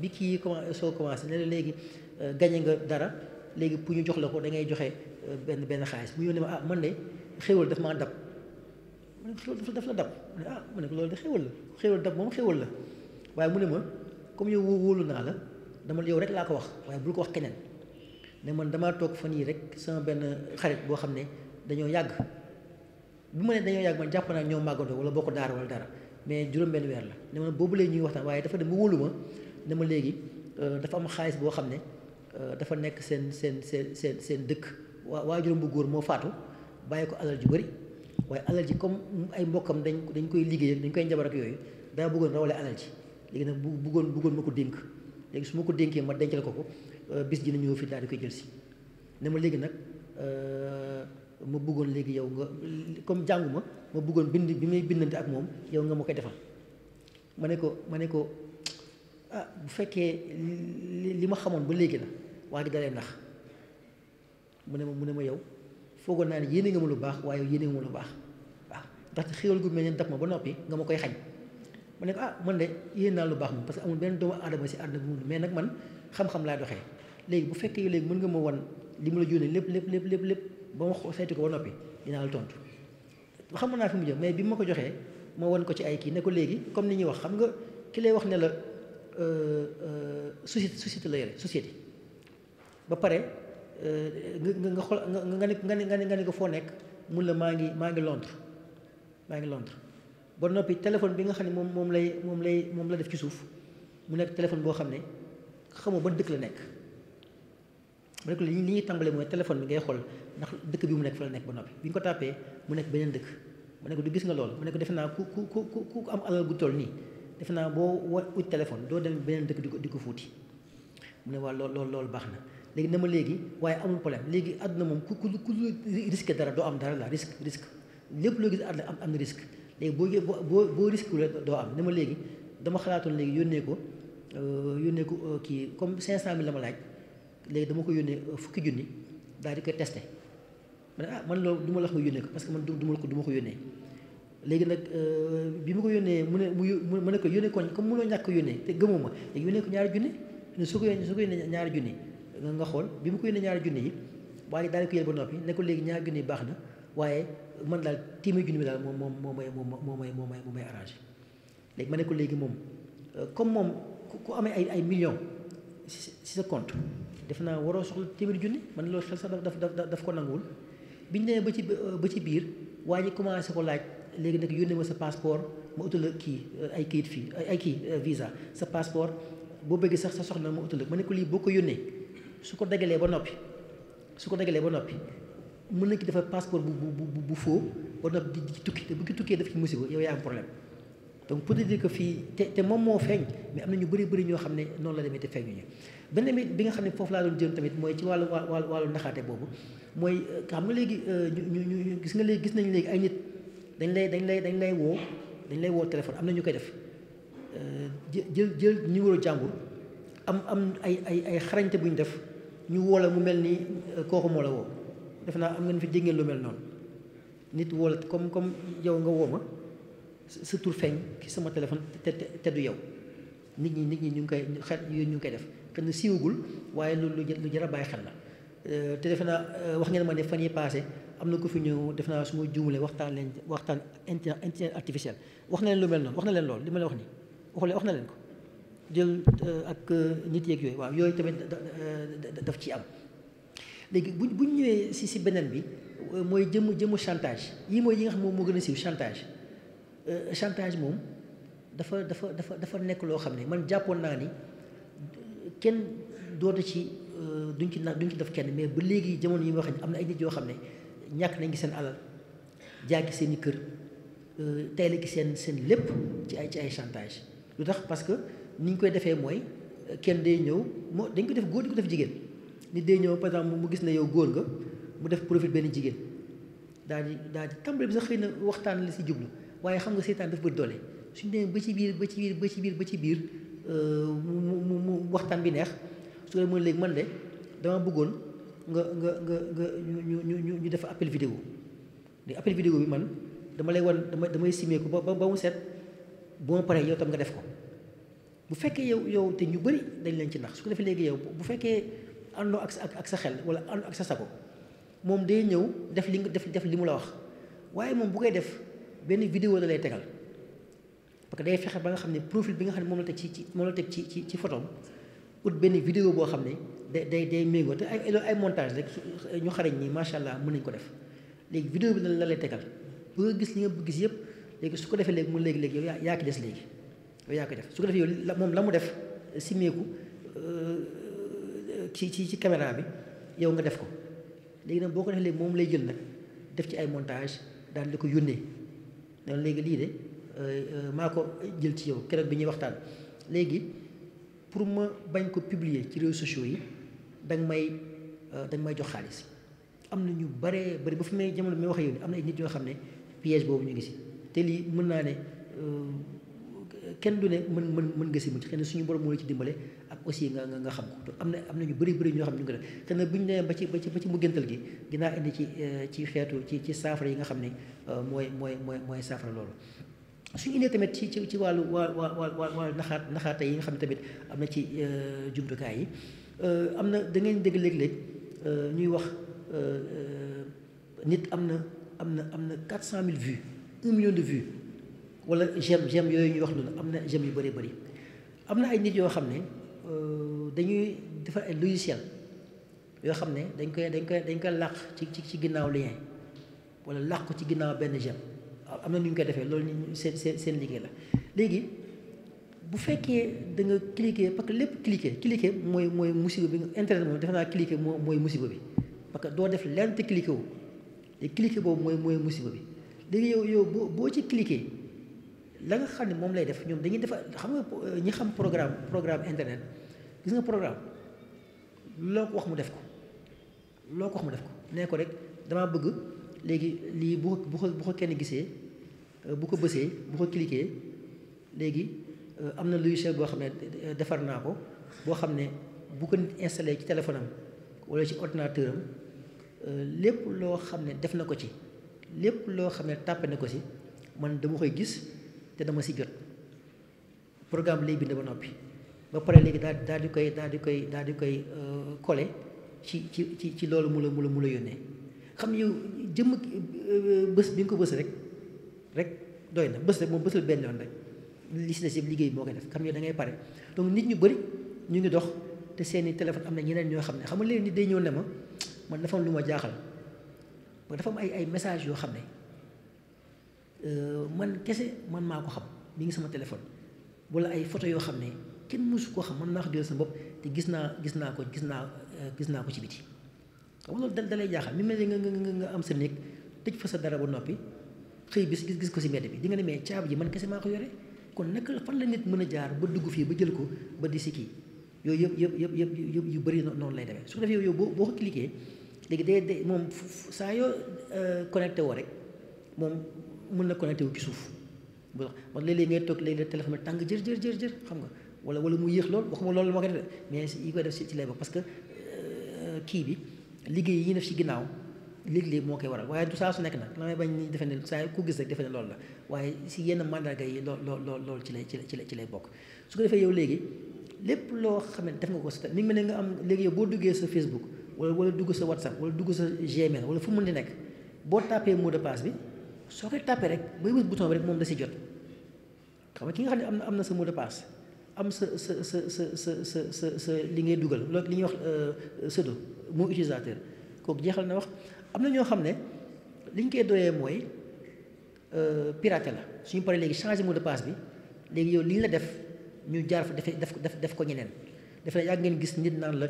bi kii commencé soo commencé ne léegi euh, gañe nga dara léegi pour ñu jox la ko da ngay joxe euh, benn benn xaalis mu ñëw ah man de xéwal daf maa dab man loolu daf la dab mu ne ah la waaye mu ne ma comme yow wóolu naa la dama yow rek laa ko wax waaye bul ko wax keneen ne man damaa toog fan yii rek sama benn xarit boo xam ne dañoo yàgg. bu ma ne dañoo yàgg man jàpp naa ñoo màggandoo wala bokk daara wala dara mais juróom-benn weer la ne ma boobu léegi ñuy waxtaan waaye dafa dem ba wóolu ma ne ma léegi euh, dafa xaalis boo xam ne euh, dafa nekk seen seen seen seen seen dëkk waa waa juróom bu góor moo faatu bàyyi ko alal ju bëri waaye alal ji comme ay mbokkam dañ dañ koy liggéey dañ koy njabar ak yooyu daa bëggoon rawale alal ji léegi nag bu bëggoon bëggoon ma ko dénk léegi su ma ko dénkee ma dencal ko ko euh, bis dina ñëw fi daal di koy jël si ne ma léegi nag ma bëggoon léegi yow nga comme jàngu ma ma bëggoon bind bi may bindante ak moom yow nga ma koy defal ma ne ko ma ne ko ah bu fekkee li ma xamoon ba léegi la waa ji dalee nax mu ne ma mu ma yow foogoon naa ne yéene nga ma lu baax waaye yéene nga lu baax waaw ndaxte xéwal gu mel ne dab ma ba noppi nga ma koy xañ ma ne ko ah, man de yéen naa lu baax moom parce que amul benn doomu aadama si àdduna bi mais nag man xam-xam laa doxee léegi bu fekkee léegi mën nga ma wan li ma la jóonee lépp lépp lépp lépp lépp ba ma saytu ko ba noppi dinaa la tontu xamoon naa fi mu jëm mais bi ma ko joxee moo won ko ci ay kii ne ko léegi comme ni ñuy wax xam nga ki lay wax ne la euh, euh, société société la yore société ba pare euh, nga nga xool nga ne nga ne nga ne ko foo nekk mun la maa ngi maa ngi Londres maa ngi Londres ba noppi téléphone bi nga xam ne moom moom lay moom lay moom la def ci suuf mu nekk téléphone boo xam ne xamoo ban dëkk la nekk. ma ne ko li ñuy tàmbalee mooy téléphone bi ngay xool ndax dëkk bi mu nekk fa la nekk ba noppi bi ñu ko tàppee mu nekk beneen dëkk mu nekk du gis nga loolu mu nekk defe naa ku ku ku ku am alal gu tool nii defe naa boo wa ut téléphone doo dem beneen dëkk di ko di ko fuuti mu ne waa lool lool loolu baax na léegi ne ma léegi waaye amul problème léegi àdduna moom ku ku ku risque dara doo am dara la risque risque lépp loo gis àdduna am am na risque léegi boo boo boo risque la doo am ne ma léegi dama xalaatoon léegi yónnee ko euh, yónnee ko euh, kii comme 500000 la ma laaj léegi dama ko yónnee euh, fukki junni daal di koy testé ma ne ah, man loolu du ma la wax ko parce que man du ma ko du ma ko yónnee léegi euh, bi ma ko yónnee mu ne mu mu ne ko yónnee ko comme mënoo ñàkk yónnee te gëmoo ma léegi yónnee su ko yónnee su ko ñaari junne nga xool bi ma ko yónnee ñaari junne yi waaye daal di noppi ne léegi ñaari junne baax na waaye man daal téeméer junne bi daal moom moom moo may moo moo may moo may moo may arrangé léegi ma ne ko léegi moom euh, comme moom ku amee ay ay millions si sa compte def naa waroo soxla téeméer junne man loo xel sax daf daf daf ko nanguwul biñ demee ba ci ba ci biir waa ji commencé ko laaj léegi nag yónnee ma sa passeport ma utal la kii ay kayit fii ay kii euh, visa sa passeport boo bëggee sax sa soxna ma utal la ma ne ko lii boo ko yónnee su ko dagalee ba noppi su ko dagalee ba noppi mën na ki dafa passeport bu bu bu bu faux ba noppi di ci tukki te bu ci tukkee daf ci musiba yow yaa am problème donc pour dire que fii te te moom moo feeñ mais am na ñu bëri bëri ñoo xam ne noonu la demee te feeñu beneen bi nga xam ne foofu laa doon jëm tamit mooy ci wàllu wàllu wàllu naxaate boobu mooy euh, xam nga léegi euh, ñu ñu gis nga léegi gis nañ léegi ay nit dañ lay dañ lay dañ lay woo dañ lay woo téléphone am na ñu koy def euh, jël jël numéro jàmbur am am ay ay ay xarañte bu ñu def ñu woo la mu mel ni kooku moo la woo def naa am ngeen fi dégg lu mel noonu nit woo la comme comme yow nga woo ma sa feeñ ci sama téléphone te te du yow nit ñi nit ñi ñu ngi koy ñu ngi koy def. xëy na siiwagul waaye loolu lu jar a bàyyi xel na euh, te defe naa euh, wax ngeen ma ne fan yi passé am na ko fi ñëw def naa suma ma juumalee waxtaan leen waxtaan intelligence artificielle wax na leen lu mel noonu wax na leen loolu li ma leen wax nii waxule wax na leen ko jël euh, ak nit yeeg yooyu waaw yooyu tamit daf ci am léegi bu bu ñëwee si si beneen bi mooy jëm jëmu chantage yi mooy yi nga xam moom moo gën a siiw chantage chantage moom dafa dafa dafa dafa nekk loo xam ne man jàppoon naa ni kenn dootu ci euh, duñ ci nag duñ ci def kenn mais ba léegi jamono yi ma wax am na ay nit yoo xam ne ñàkk nañ seen alal jàggi seen i kër euh, tey la seen seen lépp ci ay ci ay chantage lu tax parce que ni ñu koy defee mooy euh, kenn dee ñëw moo dañ ko def góor di ko def jigéen nit dee ñëw par exemple mu gis ne yow góor nga mu def profit benn jigéen daal di daal di tàmbali bi sax xëy na waxtaan la si jublu waaye xam nga seytaan daf bëri doole suñu demee ba ci biir ba ci biir ba ci biir ba ci biir mu mu mu waxtaan bi neex su ko defee mu léegi man de dama bëggoon nga nga nga nga ñu ñu ñu ñu def appel vidéo di appel vidéo bi man dama lay wan dama damay simee ko ba ba mu set bu ma paree yow tam nga def ko bu fekkee yow yow te ñu bëri dañ leen ci nax su ko defee léegi yow bu fekkee àndoo ak sa ak sa xel wala àndoo ak sa ko moom day ñëw def li nga def def li mu la wax waaye moom bu koy def benn vidéo la lay tegal. parce que day fexe ba nga xam ne profil bi nga xam ne moom la teg ci ci moom la teg ci ci ci photom ut benn vidéo boo xam ne day day day méngoo te ay ay montage rek ñu xarañ ñi macha allah mën nañ ko def léegi vidéo bi la lay tegal ba gis li nga bëgg gis yëpp léegi su ko defee léegi mu léegi-léegi yow yaa yaa ko yaa ko def su ko la moom la mu def euh, simeeku euh, ci ci ci caméra bi yow nga def ko léegi nag boo ko defee léegi moom lay jël def ci ay montage daal di ko yónnee noonu léegi lii de Euh, maa ko jël ci yow keroog bi ñuy waxtaan léegi pour ma bañ ko publier ci réseaux sociaux yi da may euh, da may jox xaalis am na ñu baree bari ba fi may jamono bi may wax yow am na ay yoo xam ne piège boobu ñu ngi si te lii mën naa ne euh, kenn du ne mën mën mën nga si mën xëy na suñu borom moo ci dimbale ak aussi nga xam ko am na am na ñu bëri bëri ñoo xam ne ñu ngi ko def bu ñu nee ba ci ba ci ba ci mu gi dinaa indi ci ci xeetu ci ci saafara yi nga xam ne mooy mooy mooy mooy saafara loolu. suñu indee tamit ci ci ci wàllu waa waa waa waa naxaat naxaate yi nga xam tamit am na ci euh, jumtukaay yi euh, am na da ngeen dégg léeg-léeg euh, ñuy wax nit am na am na am na quatre cent mille vues un million de vues wala j'aime j'aime yooyu ñuy wax noonu am na j'aime yu bëree bëri am na ay nit yoo xam ne dañuy defar ay logiciel yoo xam ne dañ koy dañ koy dañ koy làq ci ci ginnaaw lien wala làq ko ci ginnaaw benn j'aime am na nu ñu koy defee loolu ñu seen seen seen liggéey la léegi bu fekkee da nga cliquer parce que lépp cliquer cliquer mooy mooy musiba bi internet moom defe naa cliquer moo mooy musiba bi parce que doo def lenn te cliquer wu te cliquer boobu mooy mooy musiba bi léegi yow yow boo boo ci cliquer la nga xam ne moom lay def ñoom dañuy defa xam nga euh, ñi xam programme programme internet gis nga programme loo ko wax mu def ko loo ko wax mu def ko nee ko rek damaa bëgg léegi lii bu bu ko bu ko kenn gisee Euh, bu ko bësee bu ko cliquer léegi euh, am na luy logiciel boo xam ne euh, defar naa ko boo xam ne bu ko nit installé ci téléphone am wala ci ordinateur am lépp loo xam ne def na ko ci lépp loo xam ne tàppe ko si man dama koy gis te dama si jot programme bi lay bind ba noppi ba pare léegi daal daal di koy daal di koy daal di koy collé ci ci ci ci loolu mu la mu la mu la yónnee xam yow jëmm bi nga ko bës rek rek doy na bés rek moom bësal benn yoon rek li si des yëpp liggéey moo koy def xam ne da ngay pare donc nit ñu bëri ñu ngi dox te seeni téléphone am na ñeneen ñoo xam ne xam nga léegi nit day ñëw ne man dafa am lu ma jaaxal ba dafa ay ay message yoo xam ne euh, man kese man maa ko xam mi ngi sama téléphone wala ay foto yoo xam ne kenn mësu koo xam man naa ko jël sama bopp te gis naa gis naa ko gis naa euh, gis naa ko ci biti xam nga loolu da dalay jaaxal mi mel nga nga nga am sa néeg tëj fa sa dara bu noppi xëy si gis gis ko si mbedd bi di nga ne mais caabi ji man kese maa ko yore kon naka fan la nit mën a jaar ba dugg fii ba jël ko ba di si kii yooyu yëpp yëpp yëpp yëpp yëpp yu bëri noonu lay demee su ko defee yow boo boo ko cliqué léegi day day moom saa yoo euh, connecté woo rek moom mën na connecté wu ci suuf. bu tax man léeg-léeg ngay toog tàng jër jër jër jër xam nga wala wala mu yéex lool waxuma loolu moo koy yi koy def ci lay bokk parce que euh, kii bi liggéey yi ne def si ginnaaw. léeg-léeg moo koy waral waaye du saa su nekk nag la may bañ ni defe ne saa ku gis rek defe ne loolu la waaye si yenn mandarga yi loo loo loolu ci lay ci la ci lay bokk su ko defee yow léegi lépp loo xam ne def nga ko sa mi ngi mel ne nga am léegi yow boo duggee sa Facebook wala wala dugg sa WhatsApp wala dugg sa Gmail wala fu mu mën di nekk boo tapé mot de passe bi soo koy tapé rek bay wis bouton bi rek moom da si jot xam nga ki nga xam ne am na am na sa mot de passe am sa sa sa sa sa sa sa sa li ngay dugal loolu li ñuy wax euh, pseudo mot utilisateur kooku jeexal na wax am na ñoo xam ne li ñu koy doyee mooy euh, pirate la suñu paree léegi changé mot de passe bi léegi yow li ñu la def ñu jaar fa def def ko ñeneen defe naa yàgg ngeen gis nit naan la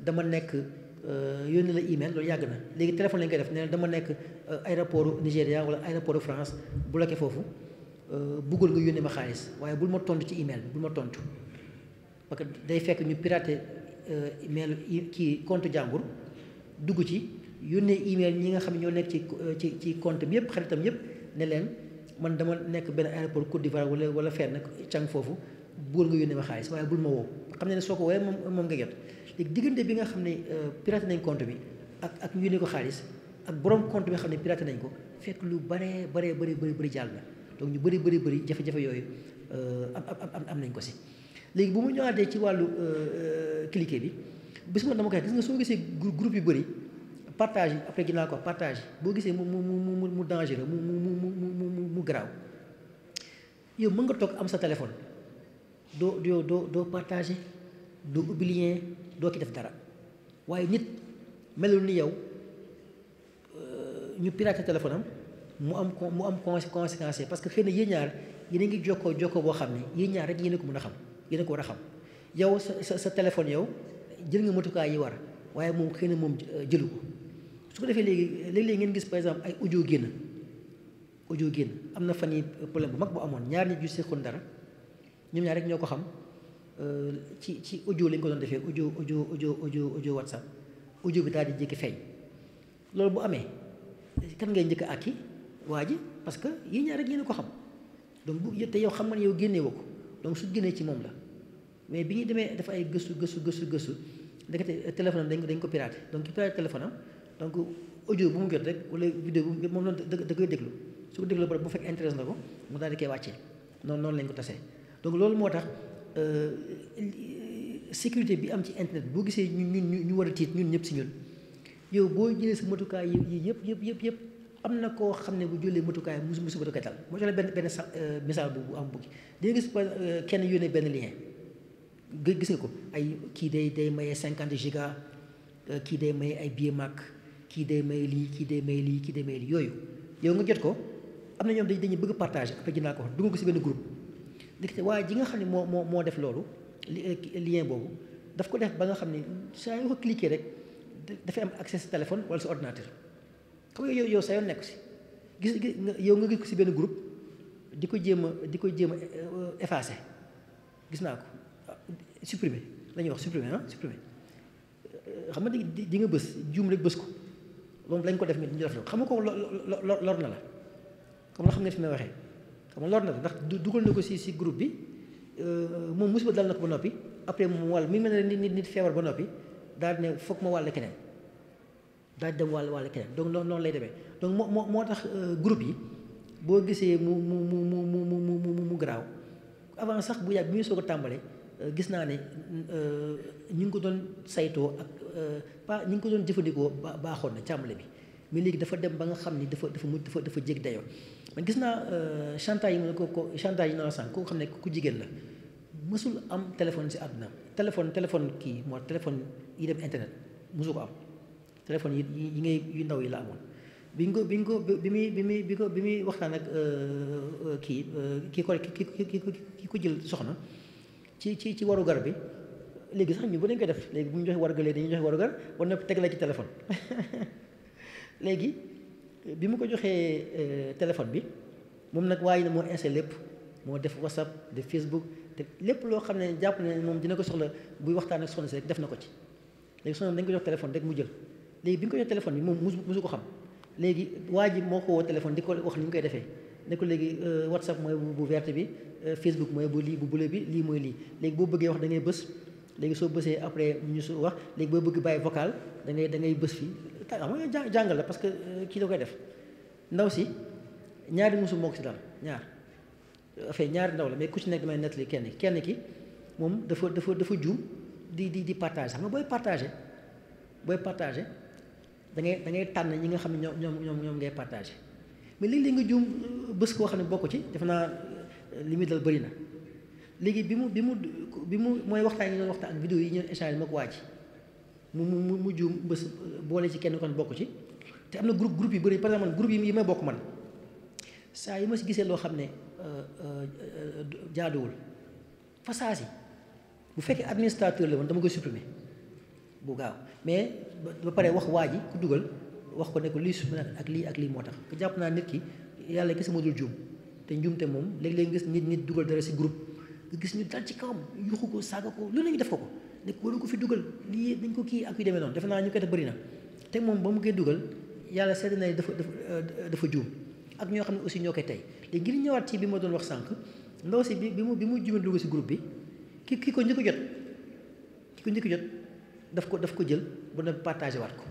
dama nekk euh, yónni la email loolu yàgg na léegi téléphone lañ koy def ne dama nekk euh, aéroport Nigéria wala aéroport France bloqué foofu buggul nga yónnee ma xaalis waaye bul ma tontu ci email bi bul ma tontu parce que day fekk ñu e email kii compte jàmbur dugg ci. yónnee email ñi nga xam ne ñoo nekk ci euh, ci ci compte bi yëpp xaritam yëpp ne leen man dama nekk benn aéroport Côte d'Ivoire wala wala fenn nag càng foofu buur nga yónnee ma xaalis waaye bul ma woo xam ne ne soo ko woowee moom moom nga jot léegi diggante bi nga xam ne euh, piraté nañ compte bi ak ak ñu yónnee ko xaalis ak borom compte bi xam ne piraté nañ ko fekk lu baree baree bëri bëri bëri jàll na donc ñu bëri bëri bëri jafe-jafe yooyu euh, am am nañ ko si léegi bu mu ñëwaatee ci wàllu cliquet bi bis man dama koy gis nga soo gisee groupe yu bëri partage yi après ginnaaw ko partage boo gisee mu mu mu mu dangereux mu mu mu mu mu garaaw yow mën nga toog am sa téléphone doo doo doo doo partagé doo ubbi lien doo ci def dara waaye nit melul ni yow ñu piraté téléphone am mu am mu am conséquence parce que xëy na yéen ñaar yéen a ngi jokkoo jokkoo boo xam ne yéen ñaar rek yéen ko mën a xam yéen a ko war a xam yow sa sa sa téléphone yow jël nga matukaay yi war waaye moom xëy na moom jëlu ko. su ko defee léegi léeg ngeen gis par exemple ay audio génn audio génn am na fan yi problème bu mag bu amoon ñaar nit yu seqoon dara ñoom ñaar rek ñoo ko xam euh, ci ci audio lañ ko doon defee audio audio audio audio audio whatsapp audio bi daal di jékki feeñ loolu bu amee kan ngay njëkk a yi waa ji parce que yii ñaar rek yéen ko xam donc bu te yow xam nga ne yow génnee woo ko donc su génnee ci moom la mais bi ñuy demee dafa ay gëstu gëstu gëstu gëstu ndekete téléphone dañ ko dañ ko piraté donc ki am donc audio bu mu jot rek wala vidéo bu mu moom loolu da koy déglu su ko déglu ba bu fekk intéresse na ko mu daal di koy wàccee noonu noonu lañ ko tasee donc loolu moo tax euh, sécurité bi am ci internet boo gisee ñun ñun ñu ñu war a tiit ñun ñëpp si ñun yow boo jëlee si matukaay yi yëpp yëpp yëpp yëpp am na koo xam ne bu jëlee matukaay musu musu matukaay tal moo jox la benn benn euh, misaal bu am buggi day gis kenn yónnee benn lien gis nga ko ay kii day day maye cinquante giga euh, kii day maye ay billet Mac kii day may lii kii day may lii kii day may lii yooyu yow nga jot ko am na ñoom dañ dañuy bëgg partager après dinaa ko wax dugg ko si benn ji nga xam ne moo moo moo def loolu eh, lien boobu daf ko def ba nga xam ne saa yoo ko cliquer rek téléphone wala sa ordinateur xam nga yow nekk si gis yow nga gis si benn group di ko jéem a di ko jéem a eh, effacer gis naa ko ah, supprimer la wax supprimer ah supprimer eh, xam nga di nga bës juum rek bës ko moom lañ ko def di def xam nga ko lor na la comme nga xam ne fi may waxee xam nga lor na la ndax dugal na ko si si groupe bi euh, moom musiba dal na ko ba noppi après mu wàll mi mel ne nit nit feebar ba noppi daal ne ma wàll keneen daal dem wàll wàll keneen donc noonu noonu lay demee donc moo moo moo tax euh, groupe yi boo gisee mu mu mu mu mu mu mu mu garaaw avant sax bu yàgg bi ñu soog a tàmbalee euh, gis naa ne ñu ngi ko doon saytoo ak. pas ñi ngi ko doon jëfandikoo baaxoon na càmbale bi mais léegi dafa dem ba nga xam ni dafa dafa mujj dafa dafa jég dayoo man gis naa euh, chantage yi ma ko ko chantage yi naa sànq koo xam ne ku jigéen la mësul am téléphone si àdduna téléphone téléphone kii moo téléphone yi dem internet mësu ko am téléphone yi yi ngay yu ndaw yi la amoon bi nga bi nga bi muy bi muy bi ko bi muy waxtaan ak euh, euh, kii kii ko ki ki ki ko jël soxna ci ci ci waru gar bi léegi sax ñu bu dañ koy def léegi bu ñu joxe wargal dañuy joxe wargal war na teg la ci téléphone léegi bi mu ko joxee euh, téléphone bi moom nag waaye na moo installé lépp moo def whatsapp def facebook te lépp loo xam ne jàpp ne moom dina ko soxla buy waxtaan ak soxna si def na ko ci léegi soxna dañ ko jox téléphone rek mu jël léegi bi ñu ko jox téléphone bi moom musu musu ko xam léegi waa ji moo ko woo téléphone di ko wax ni ñu koy defee ne ko léegi euh, whatsapp mooy bu verte bi euh, facebook mooy bu lii bu bule bi lii mooy lii léegi boo bëggee wax da bës léegi soo bësee après ñu su wax léegi boo bëgg bàyyi vocal da ngay da ngay bës fii xam nga la parce que euh, kii la koy def ndaw si ñaari musu moo ko si dal ñaar affaire ñaari ndaw la mais ku ci nekk damay nettali kenn kenn ki moom dafa dafa dafa juum di di di partager xam nga booy partager booy partager da ngay tànn ñi nga xam ne ñoom ñoom ñoom ñoom ngay partage mais léegi-léeg nga juum euh, bës koo xam ne bokk ci def naa euh, li dal bëri na léegi bi mu bi mu bi mu mooy waxtaan yi doon waxtaan ak yi ñoon échange mag waa ji mu mu mu juum bés boole ci kenn kon bokk ci te am na groupe groupe yu bëri par exemple groupe yi may bokk man saa yi ma si gisee loo xam ne euh, euh, jaaduwul fa saa si bu fekkee administrateur la woon dama koy supprimer bu gaaw mais ba pare wax waa ji ku dugal wax ko ne ko lii supprimer ak lii ak lii moo tax jàpp naa nit ki yàlla gis ma dul juum te te moom léeg-léeg gis nit nit dugal dara si groupe gis ñu dal ci kawam yuxu ko saaga ko lu nañu def ko ko nekk waru ko fi dugal lii dañ ko kii ak yu demee noonu defe naa ñu ko def bëri na te moom ba mu koy dugal yàlla sedd na dafa dafa euh, dafa juum ak ñoo xam ne aussi ñoo koy tey te ñëwaat ci bi ma doon wax sànq ndaw si bi bi mu bi mu juumee dugal si groupe bi ki ki ko njëkk jot ki ko njëkk jot daf ko daf ko jël ba na partagé waat ko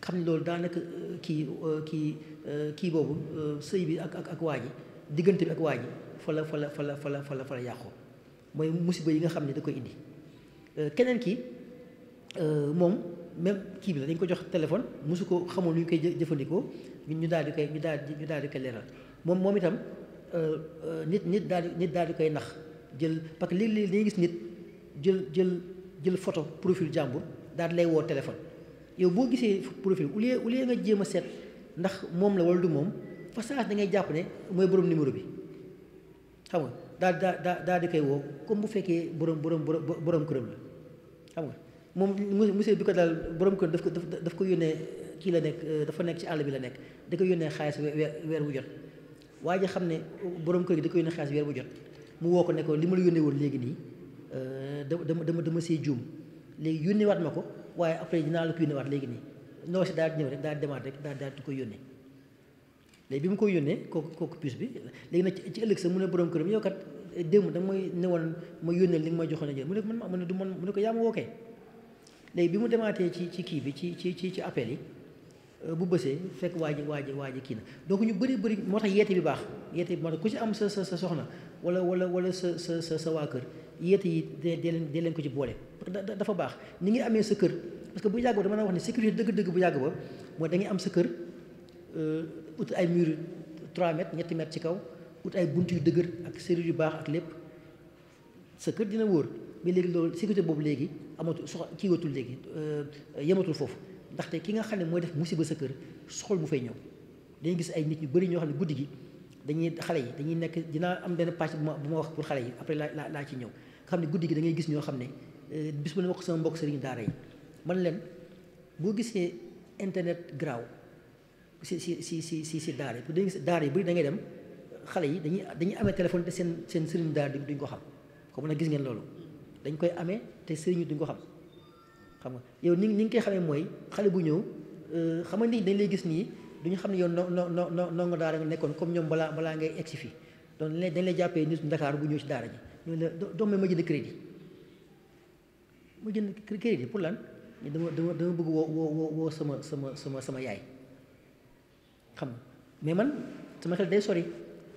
xam ne loolu daanaka euh, kii euh, kii kii boobu sëy bi ak ak ak waa ji diggante bi ak waa ji fa la fa la fa la fa la fa la yàqoo mooy musiba yi nga xam ne da koy indi euh, keneen ki euh, moom même kii bi la dañ ko jox téléphone mosu ko xamul nu ñu koy jëfandikoo ñu daal di koy ñu daal di ñu daal di koy leeral moom moom itam euh, nit nit daal di daal di koy nax jël parce que léeg-léeg dañuy gis nit jël jël jël photo profile jàmbur daal di lay woo téléphone. yow boo gisee profil au lieu au nga jéem a seet ndax moom la wala du moom fa saa da ngay jàpp ne mooy borom numéro bi. xam nga daal daa daa daal di koy woo comme bu fekkee borom borom borom këram la xam nga moom monsieur bi ko daal boroom këram daf ko daf ko yónnee kii la nekk euh, dafa nekk ci àll bi la nekk da ko yónnee xaalis weer weer bu jot waa ji xam ne borom kër gi da ko yónnee xaalis weer bu jot mu woo ko ne li ma la yónnee woon léegi nii euh, dama dama dama see juum léegi yónneewaat ma ko waaye après dinaa la ko yónneewaat léegi nii noo si daal di ñëw rek daal demaat rek daal du koy yónnee. léegi bi mu koy yónnee kooku kooku puce bi léegi nag ci ëllëg sa mu ne borom këram yow kat eh, démb da mooy newoon ma yónneel li nga ma joxoon a jël mu ne man ma mu ko yaa ma wookee bi mu demaatee ci ci kii bi ci ci ci ci appel yi euh, bu bësee fekk waa ji waa ji waa ji kii na donc ñu bëri bëri moo tax yeete bi baax yeete bi moo tax ku ci am sa sa sa soxna wala wala wala sa sa sa sa kër yeete yi dee dee leen ko ci boole dafa baax ni ngi amee sa kër parce que bu yàgg ba dama naa wax ne sécurité dëgg-dëgg bu yàgg ba mooy dangay am sa kër euh, ut ay mur 3 mètres ñetti mètres ci kaw ut ay bunt yu dëgër ak serrure yu baax ak lépp sa kër dina wóor mais léegi loolu sécurité boobu léegi amatul sox kii watul léegi euh, yematul foofu ndaxte ki nga xam ne mooy def musiba sa kër soxol mu fay ñëw dañuy gis ay nit ñu bari ñoo xam ne guddi gi dañuy xale yi dañuy nekk dinaa am benn pàcc bu ma wax pour xale yi après laa laa ci ñëw nga xam ne guddi gi da ngay gis ñoo xam ne euh, bis bu ne wax sama mbokk sëriñ daara yi man leen boo gisee internet graaw si si si si si si daara yi dañuy daara yi bëri da ngay dem xale yi dañuy ame amee téléphone te seen seen sëriñ daara duñ ko xam comme nag gis ngeen loolu dañ koy amee te sëriñ duñ ko xam xam nga yow ni ni nga koy xamee mooy xale bu ñëw euh, xam nga nit dañ lay gis nii duñu xam ne yow no no no no ndongo daara nga nekkoon comme ñoom balaa balaa ngay egsi fii donc dañ lay jàppee nit Ndakaaru bu ñëw ci daara ji ñu la doom ma jënd crédit ma jënd crédit pour lan dama dama dama bëgg woo woo sama sama sama sama yaay xam mais man sama xel day sori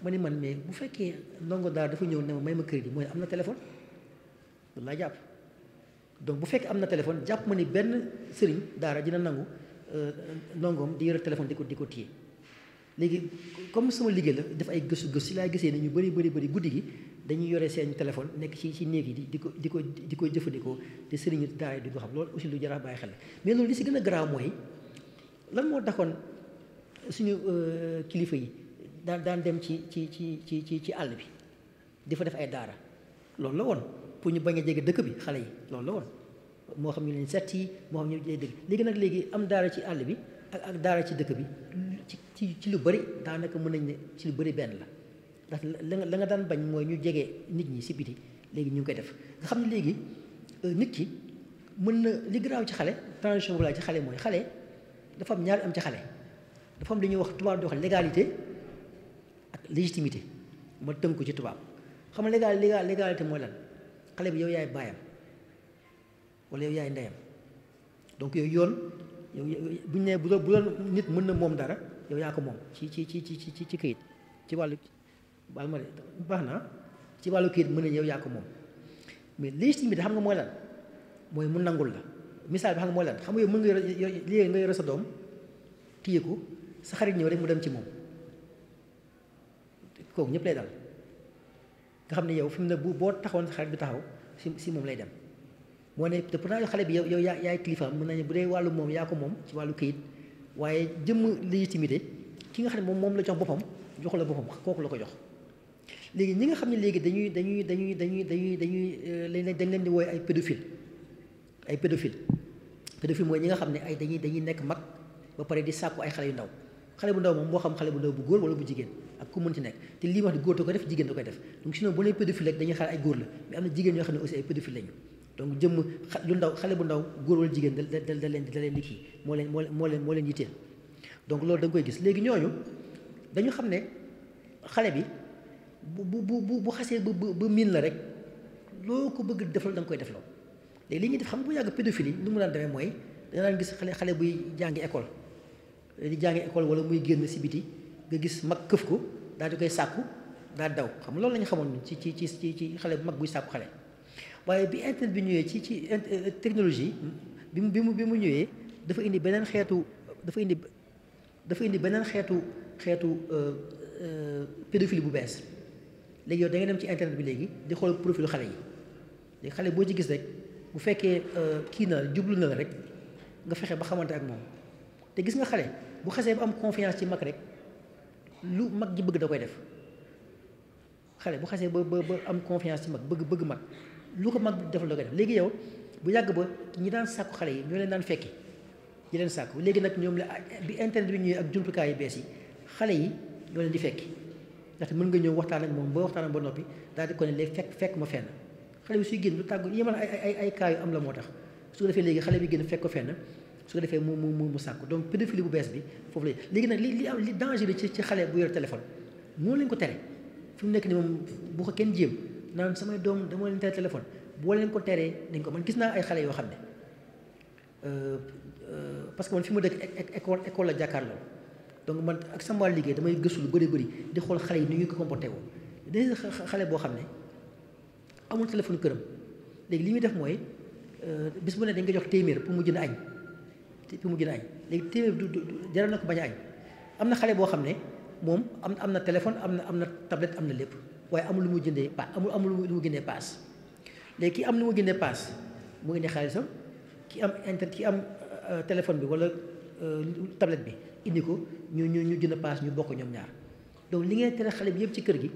ma ne man mais bu fekkee ndongo daara dafa ñëw ne ma ma crédit mooy am na téléphone loolu laa jàpp donc bu fekkee am na téléphone jàpp ma ni benn sëriñ daara dina nangu euh, ndongoom di yore téléphone di ko di ko téye léegi comme sama liggéey la def ay gëstu gësu si laay gisee ne ñu bëri bëri bëri guddi gi dañu yore seen téléphone nekk ci ci néeg yi di ko di ko di ko jëfandikoo di sëriñu daara di ko xam loolu aussi lu jara bàyyi xel mais loolu li si gën a garaaw suñu euh, kilifa yi daan daan dem ci ci ci ci ci ci àll bi di fa def ay daara loolu la woon pour ñu bañ a jege dëkk bi xale yi loolu la woon moo xam ñu leen set yi moo xam ñu jege dëkk léegi nag léegi am daara ci àll bi ak ak daara ci dëkk bi ci ci lu bëri daanaka mën nañ ne ci lu bari benn la ndax la la nga daan bañ mooy ñu jege nit ñi si biti léegi ñu ngi koy def nga xam ne léegi euh, nit ki mën na li garaaw ci xale transition wala ci xale mooy xale dafa am ñaari am ci xale dafa li ñuy wax tubaab di wax légalité ak légitimité ma tënk ko ci tubaab xam nga légal légalité mooy lan xale bi yow yaay baayam wala yow yaay ndeyam donc yow yoon yow bu ñu nee bu doon nit mën na moom dara yow yaa ko moom ci ci ci ci ci ci këyit ci wàllu baal ma de baax naa ci wàllu këyit mën na yow yaa ko moom mais légitimité xam nga mooy lan mooy mu nangul la misaal bi xam nga mooy lan xam nga yow mën nga yore léegi nga yore sa doom téye ko. sa xarit ñoo rek mu dem ci moom kooku ñëpp lay dal nga xam ne yow fi mu ne bu boo taxoon sa xarit bi taxaw si si moom lay dem moo ne te pourtant xale bi yow yow yaa yaay kilifaam mën nañu bu dee wàllu moom yaa ko moom ci wàllu këyit waaye jëmm légitimité ki nga xam ne moom moom la jox boppam joxu la boppam kooku la ko jox léegi ñi nga xam ne léegi dañuy dañuy dañuy dañuy dañuy dañuy euh, dañ leen di wooy ay pédophile ay pédophile pédophile mooy ñi nga xam ne ay dañuy dañuy nekk mag ba pare di sàkku ay xale yu ndaw xale bu ndaw moom moo xam xale bu ndaw bu góor wala bu jigéen ak ku mën ci nekk te lii wax di góor da koy def jigéen da koy def donc sinon bu nee pédophile rek ndaw xale bu ndaw góor jigéen da da da leen da leen di moo leen moo leen moo leen yitteel donc loolu da nga koy gis léegi ñooñu dañu xam ne xale bi bu bu bu bu xasee ba ba miin la rek loo ko bëgg defal da nga koy defloo léegi li ñuy def xam nga bu yàgg pédophile yi nu mu daan demee mooy da daan gis xale xale buy jàngi école di jàngi école wala muy génn si biti nga gis mag këf ko daal di koy sàkku daal daw xam loolu la ñu xamoon ci ci ci ci ci xale bu mag buy sàkku xale waaye bi internet bi ñëwee ci ci euh, technologie bi mu bi mu bi mu ñëwee dafa indi beneen xeetu dafa indi dafa indi beneen xeetu xeetu euh, euh, pédophile bu bees léegi yow da dem ci internet bi léegi di xool profilu xale yi léegi xale boo ci gis rek bu fekkee kii na jublu na la rek nga fexe ba xamante ak moom te gis nga xale bu xasee ba am confiance ci mag rek lu mag ji bëgg da koy def xale bu xasee ba ba am confiance ci mag bëgg bëgg mag lu ko mag def la koy def léegi yow bu yàgg ba ñi daan sàkku xale yi ñoo leen daan fekki di leen sàkku léegi nag ñoom la bi internet bi ak jumtukaay yu bees yi xale yi ñoo di fekki ndaxte mën nga ñëw waxtaan ak moom boo waxtaan ak ba noppi daal di ko ne fekk fekk ma fenn xale bi suy génn du tàggu yemal ay ay ay cas am la moo tax su ko defee léegi xale bi génn fekk ko fenn su ko defee mu mu mu sànk donc pédophilie bu bees bi foofu la léegi nag li li am li danger bi ci ci xale bu yor téléphone moo lañ ko tere fi mu nekk ni moom bu ko kenn jéem naan samay doom dama leen tere téléphone boo leen ko teree dañ ko man gis naa ay xale yoo xam ne euh, euh, parce que man fi ma dëkk école école la jàkkaarloo man ak sama wàll liggéey damay gëstu lu bëri di xool xale yi ni ñu ko comporté woo dañuy xale boo xam ne amul téléphone këram léegi li muy def mooy euh, bis bu ne dañ ko jox téeméer pour mu jënd añ fi mu gën a añ léegi téeméer du jaral na ko bañ a añ am na xale boo xam ne moom am am na téléphone am na am na tablette am na lépp waaye amul lu mu jëndee pa amul amul lu mu génnee paas léegi ki am lu mu génnee paas mu indi xaalisam ki am internet ki am euh, téléphone bi wala euh, tablette bi indi ko ñu ñu ñu jënd paas ñu bokk ñoom ñaar donc li ngay tere xale bi yëpp ci kër gi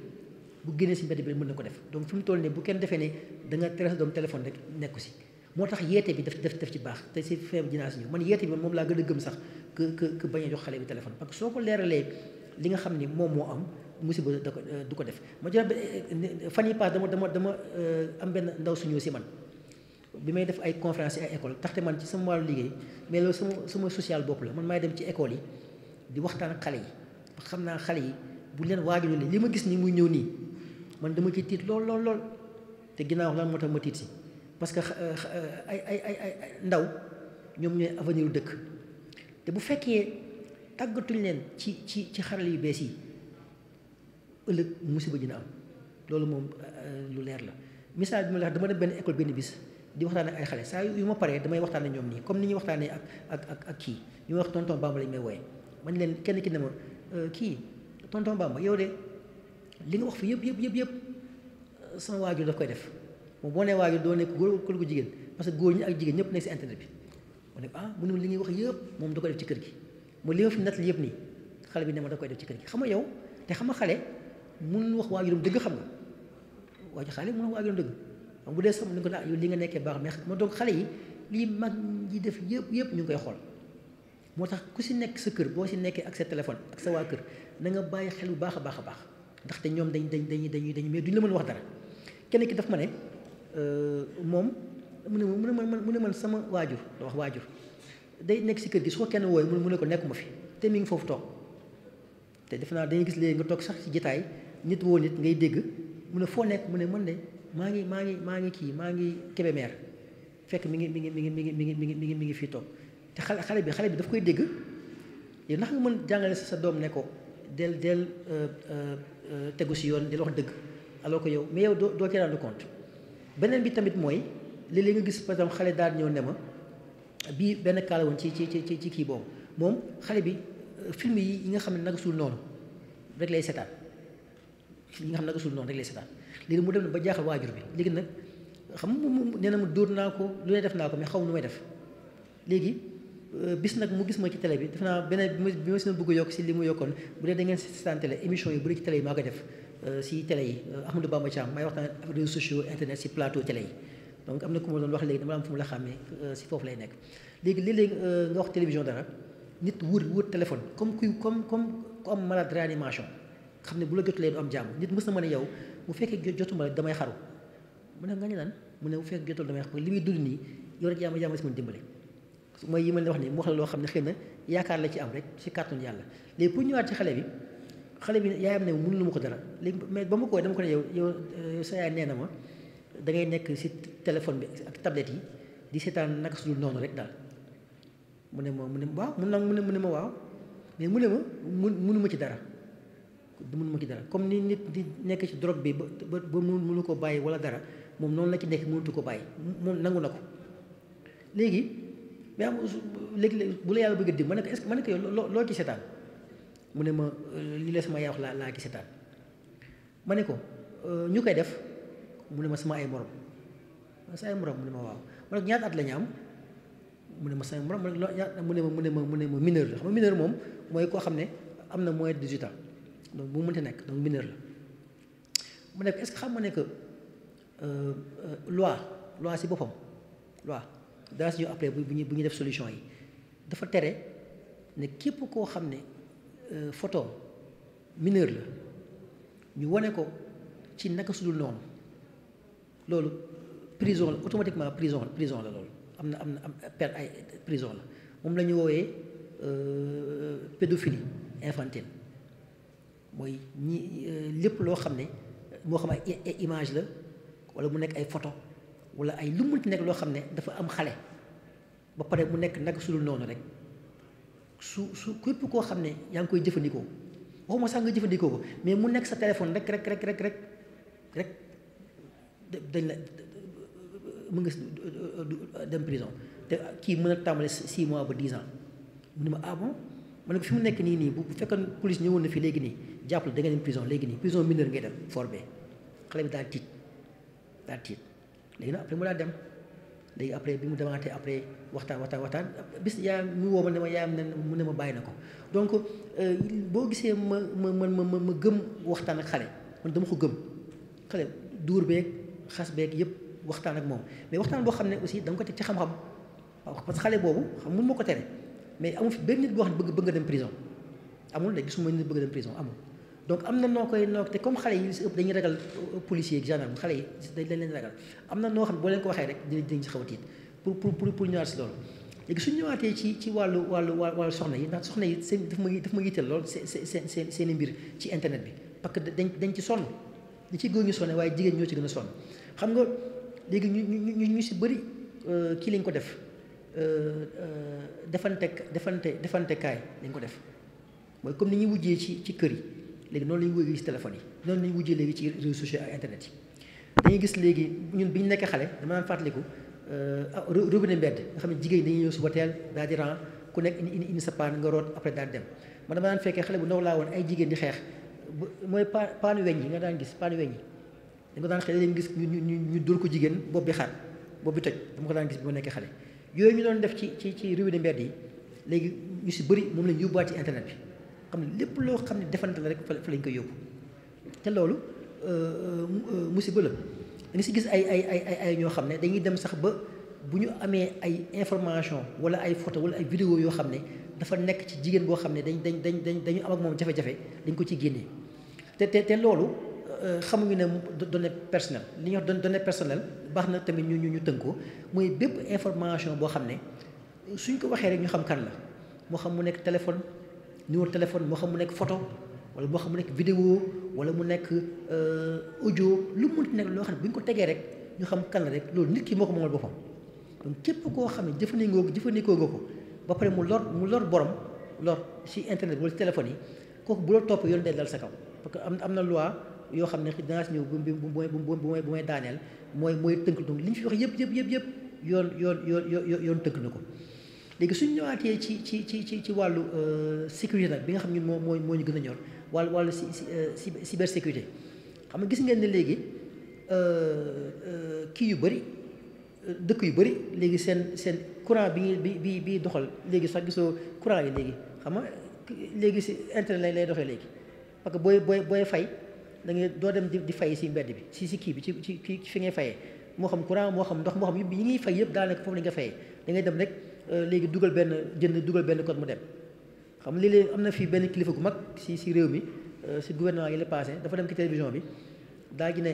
bu génnee si mbedd bi mën na ko def donc fi mu toll nii bu kenn defee ne da nga tere sa doom téléphone rek nekku si moo tax yeete bi daf daf daf ci baax te si feebu dinaa si ñëw man yeete bi moom laa gën a gëm sax que que que bañ a jox xale bi téléphone parce que soo ko leeralee li nga xam ni moom moo am musiba da ko du ko def ma jox fan yi dama dama dama euh, am benn ndaw suñu si man bi may def ay conférence école taxte man ci sama wàllu liggéey mais loolu sama sama social bopp la man maay dem ci école yi di waxtaan ak xale yi xam naa xale yi bu leen waajalee li ma gis ni muy ñëw nii man dama ci tiit lool lool lool te ginnaaw lan moo tax ma tiit si parce que euh, euh, ay ay ay ay ndaw ñoom ñooy avenir dëkk te bu fekkee tàggatuñ leen ci ci ci xaral yu bees yi ëllëg musiba dina am loolu moom euh, lu leer la misaal bi ma la dama dem benn école benn bis di waxtaan ak ay xale saa yu ma paree damay waxtaan ak ñoom nii comme ni ñuy waxtaanee ak ak ak ak kii ñu may wax tonton Bamba lañ may wooye man leen kenn ki ne ma kii tonton Bamba yow de li nga wax fi yëpp yëpp yëpp yëpp sama waajur daf koy def moom boo nee waajur doo nekk góor ku ko jigéen parce que góor ñi ak jigéen ñëpp nekk si internet bi mu ne ah mu ne li ñuy wax yëpp moom da koy def ci mu yëpp nii xale bi ne ma da def ci kër gi xam yow te xam nga xale mënul wax waajuram dëgg xam nga waajur xale mënul wax waajuram dëgg xam bu dee sama ni ko ah li nga nekkee baax mais ma donc xale yi lii mag ñi def yëpp yëpp ñu ngi koy xool moo tax ku si nekk sa kër boo si nekkee ak sa téléphone ak sa waa kër na nga bàyyi xel bu baax a a baax ndaxte ñoom dañ dañ dañuy dañuy dañuy mais duñ la mën wax dara kenn ki daf ma ne Euh, moom mu ne ma mu ne man mu ne man sama waajur la wax waajur day nekk si kër gi su ko kenn wooyu mu ne ko nekkuma fi te mi ngi foofu toog te def naa dañuy gis léegi nga toog sax ci jitaay nit woo nit ngay dégg mu ne foo nekk mu ne man de maa ngi maa ngi maa ngi kii maa ngi Kébémer fekk mi ngi mi ngi mi ngi mi ngi mi ngi mi ngi mi ngi mi ngi fii toog te xale xale bi xale bi daf koy dégg yow ndax man mën jàngale sa sa doom ne ko del del euh, euh, tegu si yoon del dëgg alors beneen bi tamit mooy léeg-léeg nga gis par exemple xale daal ñëw ne ma bii benn kaala woon ci ci ci ci kii boobu moom xale bi euh, film yi yi nga xam ne nag suul noonu rek lay seetaan yi nga xam ne naka suul noonu rek lay seetaan léegi mu dem ba jaaxal waajur bi léegi nag xam mu nee na mu dóor naa ko lu ne def naa ko mais xaw nu may def léegi euh, bis nag mu gis ma ci télé bi def naa beneen bi ma si bëgg yokk si li mu yokkoon bu dee da ngeen seetaan télé émission yi bu dee ci télé yi maa koy def Euh, si télé yi euh, Ahmadou Bamba Thiam may waxtaan ak réseaux sociaux internet si plateau télé yi donc am na ku ma doon wax léegi dama am fu mu la xàmmee euh, si foofu lay nekk léegi léeg-léeg nga wax télévision dara nit wër wër téléphone comme kuy comme comme ku am malade réanimation xam ne bu la jotulee du am jàmm nit mës na ma ne yaw bu fekkee jotuma rek damay xaru mu ne nga ñu lan mu ne bu fekkee jotul damay xaru li muy dund nii yow rek jàmm jàmm si mën dimbale ma leen wax nii mu wax loo xam ne xëy na yaakaar la ci am rek si kàttanu yàlla léegi ci xale bi xale bi yaayam ne mënul ma ko dara léegi mais ba ma ko dama ko ne yow yow euh, sa yaay nee na ma da ngay nekk si téléphone bi ak tablette yi di seetaan naka su dul noonu rek daal mu ne ma mu ne ma waaw mun na mu ne mu ne ma waaw mais mu ne ma mun munu ci dara munu ma ci dara comme ni nit di nekk ci drogue bi ba ba mun mënu ko bàyyi wala dara moom noonu la ci nekk mënutu ko bàyyi moom nangu na ko léegi la yàlla bëgg a dim ma ne ko est ma ne ko yow loo ci seetaan mu ne ma euh, li la sama yaay laa laa gis daal ma ne ko euh, ñu koy def mu ne ma sama ay morom sa ay morom mu ne ma waaw ma ne ko ñaata at la am mu ne ma sama morom mu ne ma mu ne ma mu ne ma mineur la xam nga mineur moom mooy koo xam ne am na moins de 18 ans donc bu mu mënti nekk donc mineur la mu ne ko est xam ma ne que euh, loi loi si boppam loi daa si ñu appelé bu ñu bu ñu def solution yi dafa tere ne képp koo xam ne. Euh, photo mineur la ñu wane ko ci naka sudul noonu loolu prison la automatiquement prison prison la loolu am na am na am per ay prison la moom la ñu woowee euh, pédophilie infantile mooy ñi euh, lépp loo xam ne moo xam ay image la wala mu nekk ay photo wala ay lu mu nekk loo xam ne dafa am xale ba pare mu nekk naka sudul noonu rek su su képp koo xam ne yaa ngi koy jëfandikoo waxuma sax nga jëfandikoo ko mais mu nekk sa téléphone rek rek rek rek rek rek dañ la ngi nga dem prison te kii mun a tàmbale six mois ba dix ans mu ne ma ah bon ma ne fi mu nekk nii nii bu fekkoon police ñëwoon na fi léegi nii jàppale da nga dem prison léegi nii prison mineure ngay dem forbe xale bi daal tiit daal tiit léegi nag après mu daal dem léegi après bi mu demaatee après waxtaan waxtaan waxtaan bis yaa mu woo ma ne ma yaa mu ne ma bàyyi na ko donc euh, boo gisee ma ma ma ma ma gëm waxtaan ak xale man dama ko gëm xale duur beeg xas beeg yëpp waxtaan ak moom mais waxtaan boo xam ne aussi da ko teg ci xam-xam waaw parce que xale boobu xam mun ma ko tere mais amul fi benn nit boo xam bëgg bëgg nga dem prison amul de gisuma bëgg dem prison amul. donc am na noo koy noo te comme xale yi si ëpp dañuy ragal policier ak gendarme xale yi dañ leen ragal am na noo xam ne boo leen ko waxee rek dinañ dinañ si xaw a tiit pour pour pour pour si loolu. léegi suñu ñëwaatee ci ci wàllu wàllu wàllu soxna yi ndax soxna yi seen daf ma daf ma yitteel lool seen seen seen seen mbir ci internet bi parce que dañ dañ ci sonn li ci góor ñu sonne waaye jigéen ñoo ci gën a sonn xam nga léegi ñu ñu ñu ñu si bëri euh, kii lañ ko def euh, euh, defante defante defante kaay lañ ko def mooy comme ni ñuy wujjee ci ci kër yi. léegi noonu la ñu wujjee ci yi noonu la ñu wujjee léegi ci réseaux sociaux ak internet yi dañuy gis léegi ñun bi ñu nekk xale dama naan fàttaliku euh, ah, robinet mbedd nga xam ne jigéen dañuy ñëw suba teel daal di ran ku nekk indi indi sa paan nga root après dem man dama daan fekkee xale bu ndaw laa woon ay jigéen di xeex mooy paan paan weñ yi nga daan gis paan weñ yi dañ ko daan xale dañu gis ñu ñu dóor ko jigéen bopp bi xar bopp bi toj dama ko daan gis bi ma nekkee xale yooyu ñu doon def ci ci ci robinet mbedd yi léegi ñu si bëri moom lañ yóbbuwaat ci internet bi xam ne lépp loo xam ne defante la rek fa lañ koy yóbbu te loolu euh, euh, musiba la da si gis ay ay ay ay ñoo xam ne dañuy dem sax ba bu ñu amee ay information wala ay photo wala ay vidéo yoo xam ne dafa nekk ci jigéen boo xam ne dañ dañ dañ dañ dañu am ak moom jafe dañ ko ci génnee te te te loolu euh, xamuñu ne données personnelles li ñuy wax données personnelles baax na tamit ñu ñu ñu tënkoo mooy bépp information boo xam ne suñ ko waxee rek ñu xam kan la moo xam mu nekk téléphone numéro téléphone moo xam mu nekk foto wala moo xam mu nekk vidéo wala mu nekk euh, audio lu mu nekk loo xam ne bu ñu ko tegee rek ñu xam kan rek loolu nit ki moo ko moomal boppam donc képp koo xam ne jëfandikoo jëfandikoo nga ko ba pare mu lor mu lor borom lor si internet wala si yi kooku bu la topp yoon day dal sa kaw parce que am am na loi yoo xam ne danaa si ñëw bu bu bu bu may daaneel mooy mooy tënk donc li ñu fi wax yëpp yëpp yëpp yëpp yoon yoon yoon yoon tënk na ko. léegi suñ ñëwaatee ci ci ci ci ci wàllu euh, sécurité nag bi nga xam ñun moo moo moo ñu gën a ñor wàllu wàllu ci ci euh, cybersécurité xam nga gis ngeen ne léegi euh, kii yu bëri dëkk yu bari léegi seen seen courant bi bi bi bi doxal léegi sax gisoo courant yi léegi xam nga léegi si internet lay lay doxee léegi parce que booy booy booy fay da ngay doo dem di fay si mbedd bi si si kii bi ci ci fi ngay fayee moo xam courant moo xam ndox moo xam yi ngi fay yëpp daanaka foofu la nga da ngay dem rek. Euh, léegi dugal benn jënd dugal benn code mu dem xam lii léeg am na fii benn kilifa gu mag si si réew mi euh, si gouvernement yi la passé dafa dem ci télévision bi daa gi ne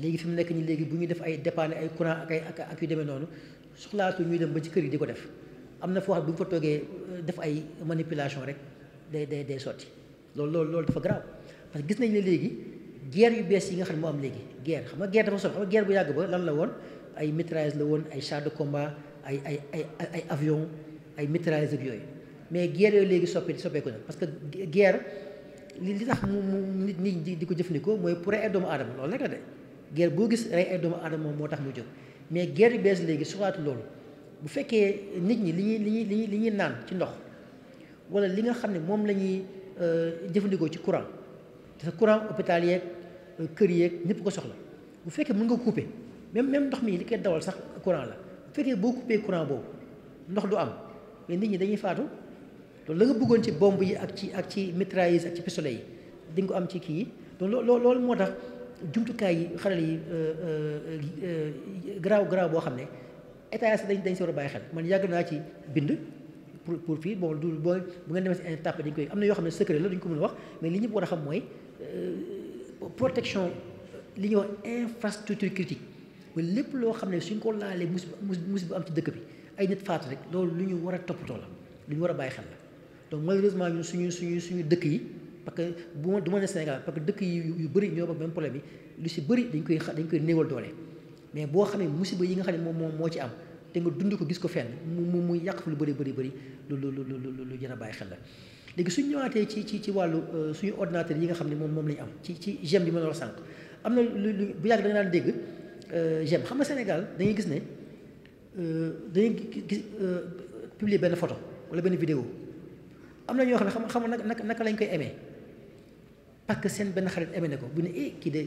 léegi fi mu nekk ñi léegi bu ñuy def ay dépanne ay courant ak ak yu demee noonu soxlaatu ñuy dem ba ci kër yi di ko def am na foo xam bu ñu fa toogee euh, def ay manipulation rek day day day sotti loolu loolu loolu dafa grave parce que gis nañ ne léegi guerre yu bees yi nga xam ne moo am léegi guerre xam nga guerre dafa solo xam bu yàgg ba lan la woon ay mitrailleuse la woon ay char de ay ay ay ay avion ay mitrailleuse ak yooyu mais guerre yooyu léegi soppee soppeeku na parce que guerre li li tax mu mu nit ñi di ko jëfandikoo mooy pour rey ay doomu aadama loolu rek de guerre boo gis rey ay doomu aadama moo tax mu jóg mais guerre yu léegi soxlaatu loolu bu fekkee nit ñi li ñuy li ñuy li ñuy naan ci ndox wala li nga xam ne moom la ñuy euh, jëfandikoo ci courant te courant hôpital yeeg euh, kër yeeg ñëpp ko soxla bu fekkee mun nga couper même même ndox mi li koy dawal sax courant la. fekkee boo coupé courant boobu ndox du am mais nit ñi dañuy faatu loolu la bëggoon ci bombe yi ak ci ak ci mitrailleuse ak ci pistolet yi di nga ko am ci kii yi donc loo loolu moo tax jumtukaay yi xarale yi euh, euh, euh, garaaw garaaw boo xam ne état dañ dañ si war a bàyyi xel man yàgg naa ci bind pour pour fii bon du boo bu ngeen demee si un dañ koy am na yoo xam ne secret la duñ ko mën a wax mais li ñëpp war a xam mooy protection li ñuy wax infrastructure critique wala lépp loo xam ne suñ ko laalee musiba musiba am ci dëkk bi ay nit faatu rek loolu lu ñu war a toppatoo la lu ñu war a bàyyi xel la donc malheureusement ñun suñu suñu suñu dëkk yi parce que bu ma du ma ne Sénégal parce que dëkk yi yu bëri ñoo même problème bi lu si bëri dañ koy dañ koy néewal doole mais boo xamee musiba yi nga xam ne moom moom moo ci am te nga dund ko gis ko fenn mu mu yàq fa lu bëri bëri bëri lu lu lu lu lu jar a bàyyi xel la léegi suñ ñëwaatee ci ci ci wàllu euh, suñu ordinateur yi nga xam ne moom moom la am ci ci gem bi ma la wax am na lu bu yàgg da daan dégg Euh, j'aime xam nga senegal dañuy gis ne euh, dañuy gis euh, publier benn photo wala benn vidéo am na ñoo xam ne xam nga naka naka lañ koy aimé parce que seen benn xarit aimé na ko bu ne eh kii de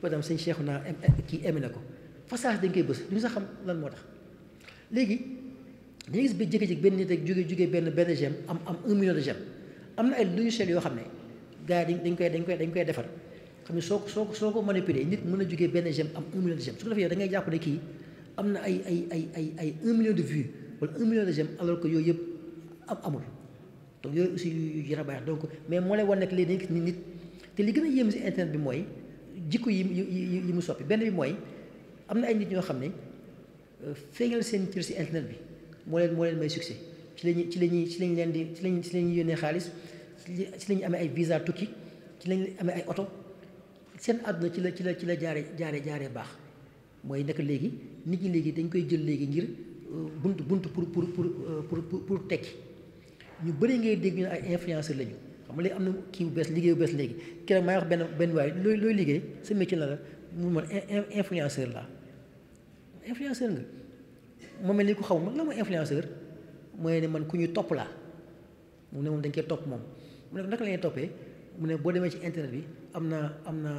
par exemple sëñ Cheikh naa kii aimé ko façage dañ koy bës duñu sax xam lan moo tax léegi dañuy gis ba jékki benn nit rek jóge jóge benn benn gem am am un million am na ay logiciel yoo xam ne gars yi dañ koy dañ koy dañ koy defar. xam ne soo soo ko soo ko manipuler nit mën a jógee benn j'aime am un million de j'aime su ko defee yow da ngay kii am na ay ay ay ay ay un million de vues wala un million de j'aime alors que yooyu yëpp am amul donc yooyu aussi yu jar a bàyyi donc mais moo lay wan nekk léegi nit te li gën a yéem si internet bi mooy jikko yi yi yi mu soppi benn mooy am na ay nit ñoo xam ne euh, feeñal seen cër si internet bi moo leen moo leen may succès ci la ñuy ci la ñuy ci lañ leen di ci lañ ci la ñuy yónnee xaalis ci la ñuy amee ay visa tukki ci lañ amee ay oto seen àdduna ci la ci la ci la jaare jaare jaare baax mooy naka léegi nit ñi léegi dañ koy jël léegi ngir euh, bunt bunt pour pour pour euh, pour pour tekki ñu bëri ngay dégg ñu ay influenceur lañu xam nga am na kii bu bees liggéey bees léegi keroog may wax benn waay looy looy liggéey sa métier la la mu man influenceur la influenceur nga moo mel ni ku xaw ma la mooy influenceur mooy ne man ku ñu topp la mu ne moom dañ koy topp moom mu ne naka la ñuy toppee mu ne boo demee ci internet bi am na am na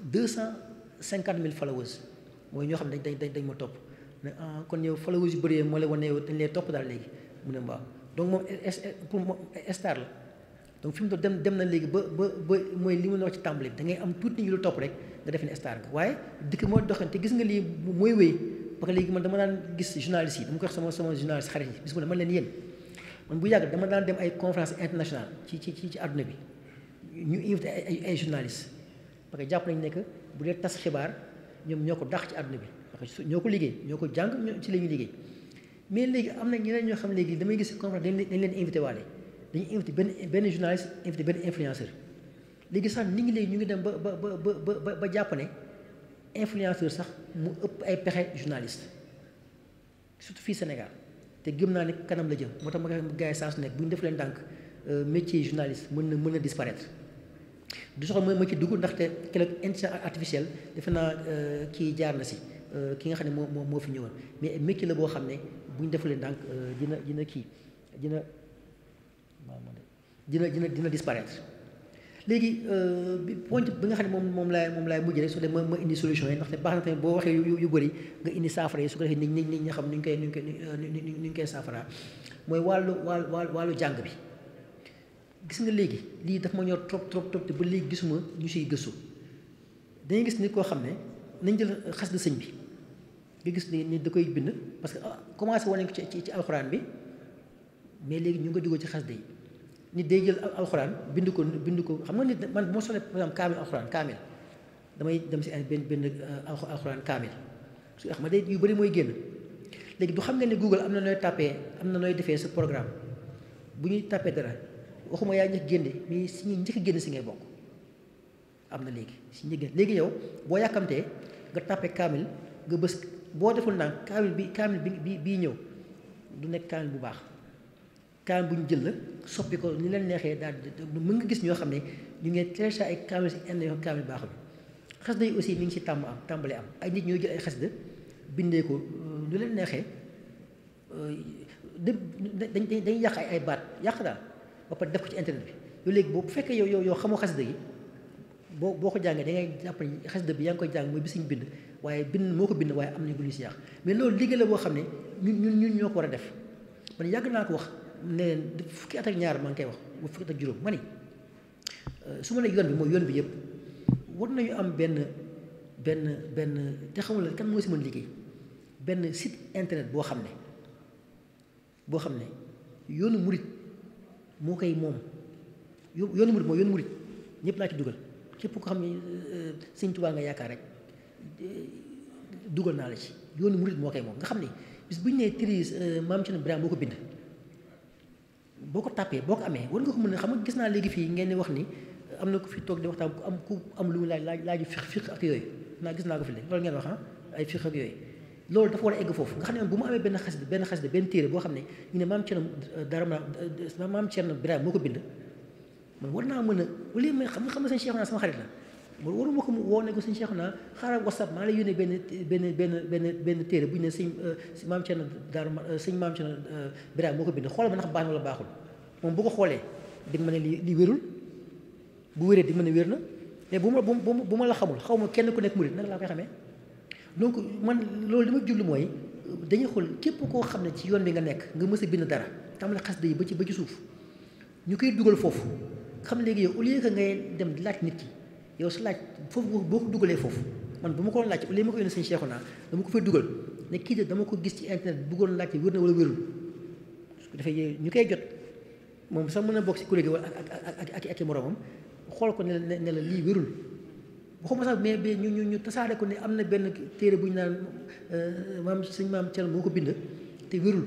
deux cent cinquante mille followers mooy ñoo xam ne dañ dañ dañ ma topp ne ah kon yow followers yu bëree moo la wane yow dañ lay topp daal léegi mu ne waaw donc moom star la donc fi mu toll dem dem na léegi ba ba ba mooy li mu ne wax ci tàmbali da ngay am tuuti nit ñu la topp rek nga def ne star nga waaye dikk mooy doxante te gis nga lii mooy wéy parce que léegi man dama daan gis journaliste yi dama ko sama sama journaliste xarit yi bis bu leen yéen bu yàgg dama daan dem ay conférence internationale ci ci ci ci àdduna bi ñu invité ay ay journaliste parce que jàpp nañ ne que bu dee tas xibaar ñoom ñoo ko dàq ci àdduna bi parce su ñoo ko liggéey ñoo ko jàng ci la ñuy liggéey mais léegi am na ñeneen ñoo xam ne léegi damay gis conférence dañ leen invité waale dañu invité benn benn journaliste invité benn influenceur léegi sax nit ñi léegi ñu ngi dem ba ba ba ba ba jàpp ne influenceur sax mu ëpp ay pexe journaliste surtout fii Sénégal te gëm naa ne kanam la jëm moo tax ma gars yi saa bu ñu def leen dànk euh, métier journaliste mën na mën na disparaître du soxla mooy ma ci dugg ndaxte keroog intelligence artificielle defe naa euh, kii jaar na si euh, ki nga xam ne moo moo fi ñëwoon mais métier la boo xam ne bu ñu defalee ndànk euh, dina dina kii dina dina dina dina disparaître. léegi bi point bi nga xam ne moom moom laay moom laay mujj rek su dee ma indi solution yi ndaxte baax na tamit boo waxee yu yu bëri nga indi saafara yi su ko defee nit ñi nit ñi nga xam ni ñu koy ni ñu koy ni ñu koy saafaraa mooy wàllu wàllu wàllu jàng bi. gis nga léegi lii daf ma ñor trop trop trop te ba léegi gisuma ñu si gësu dañuy gis ni koo xam ne nañ jël xas da sëñ bi nga gis ni ni da koy bind parce que ah commencé wane ko ci ci alxuraan bi mais léegi ñu nga ko ci xas day nit day jël alxuraan bind ko bind ko xam nga nit man bu ma soxlee par exemple kaamil alxuraan kaamil damay dem si ay benn benn euh, alxuraan kaamil su xam ma day yu bari mooy génn léegi du xam nga ne Google am na nooy tapé am na nooy defee sa programme bu ñuy tapé dara. waxuma yaa njëkk génne mais si ñuy njëkk génn si ngay bokk am na léegi si ñi léegi yow boo yàkkamtee nga tàppe kaamil nga bës boo deful naan kaamil bi kaamil bi bii ñëw du nekk kaamil bu baax kaamil bu ñu jël la soppi ko ni leen neexee daal di mën nga gis ñoo xam ne ñu ngi téléchargé ay kaamil si indi yoo kaamil baaxul xasida yi aussi mi ngi si tàmm am am ay nit ñooy jël ay xasida bindee ko lu euh, leen neexee euh, dañ dañ dañ yàq ay ay baat yàq daal ba pare def ko ci internet bi yooyu léegi boobu bu fekkee yow yow yow xamoo xasida yi boo boo ko jàngee da ngay jàpp ne xasida bi yaa ngi koy jàng mooy bisiñ bind waaye bind moo ko bind waaye am nañ ko lu si yàq mais loolu liggéey la boo xam ne ñun ñun ñun ñoo ko def man yàgg naa ko wax fukki at ak ñaar maa ngi koy wax bu fukki at ak juróom ma ni euh, su ma ne yoon bi mooy yoon bi yëpp war nañu am benn benn benn te xamul kan moo si man liggéey benn site internet boo xam ne boo xam ne yoonu murit moo koy moom yoonu murit moo yoonu murit ñëpp laa ci dugal képp ko xam ne euh, sëñ Tuubaa nga yaakaar rek euh, dugal naa la ci yoonu murit moo koy moom nga xam ne bis bu ñu nee tris euh, maam Cerno Birahim boo ko bind boo ko tàppee boo ko amee war nga ko mën a xam nga gis naa léegi fii ngeen di wax ni am na ku fi toog di waxtaan ku am ku am lu mu laaj laaj laaju fiq ak yooyu naa gis naa ko fi léegi loolu ngeen wax ah ay fiq ak yooyu loolu dafa war a egg foofu nga xam ne bu mu amee benn xas benn benn téere boo xam ne ñu ne maam Thierno euh, dara ma euh, maam Thierno Birahim moo ko bind man war naa mën a wala may xam nga xam nga sëñ Cheikhouna sama xarit la man waruma ko woo ne ko sëñ Cheikhouna xaaral whatsapp maa lay yónnee benn benn benn benn benn téere bu ñu ne sëñ euh, maam Thierno dara sëñ maam Thierno Birahim moo ko bind xoolal ma ndax baax na wala baaxul moom bu ko xoolee di ma ne li li wérul bu wéree di ma ne wér na mais bu ma bu ma la xamul xaw ma kenn ku nekk murid nag laa koy xamee donc man loolu li ma jublu mooy dañuy xol képp koo xam ne ci yoon bi nga nekk nga mës a bind dara tàmbali xasida yi ba ci ba ci suuf ñu koy dugal foofu xam léegi yow au lieu ngay dem laaj nit ki yow sa laaj foofu boo ko dugalee foofu man bu ma ko laaj au lieu ma ko yónnee seen Cheikhouna dama ko fay dugal ne kii de dama ko gis ci internet bëggoon laaj wér na wala wérul su ko defee ñu koy jot moom sax mën na bokk si collègue wala ak ak ak ak i moromam xool ko ne la ne lii wérul waxuma sax mais bi ñu ñu ñu tasaare ko ne am na benn téere bu ñu naan euh, maam suñ maam Thiel moo ko bind te wérul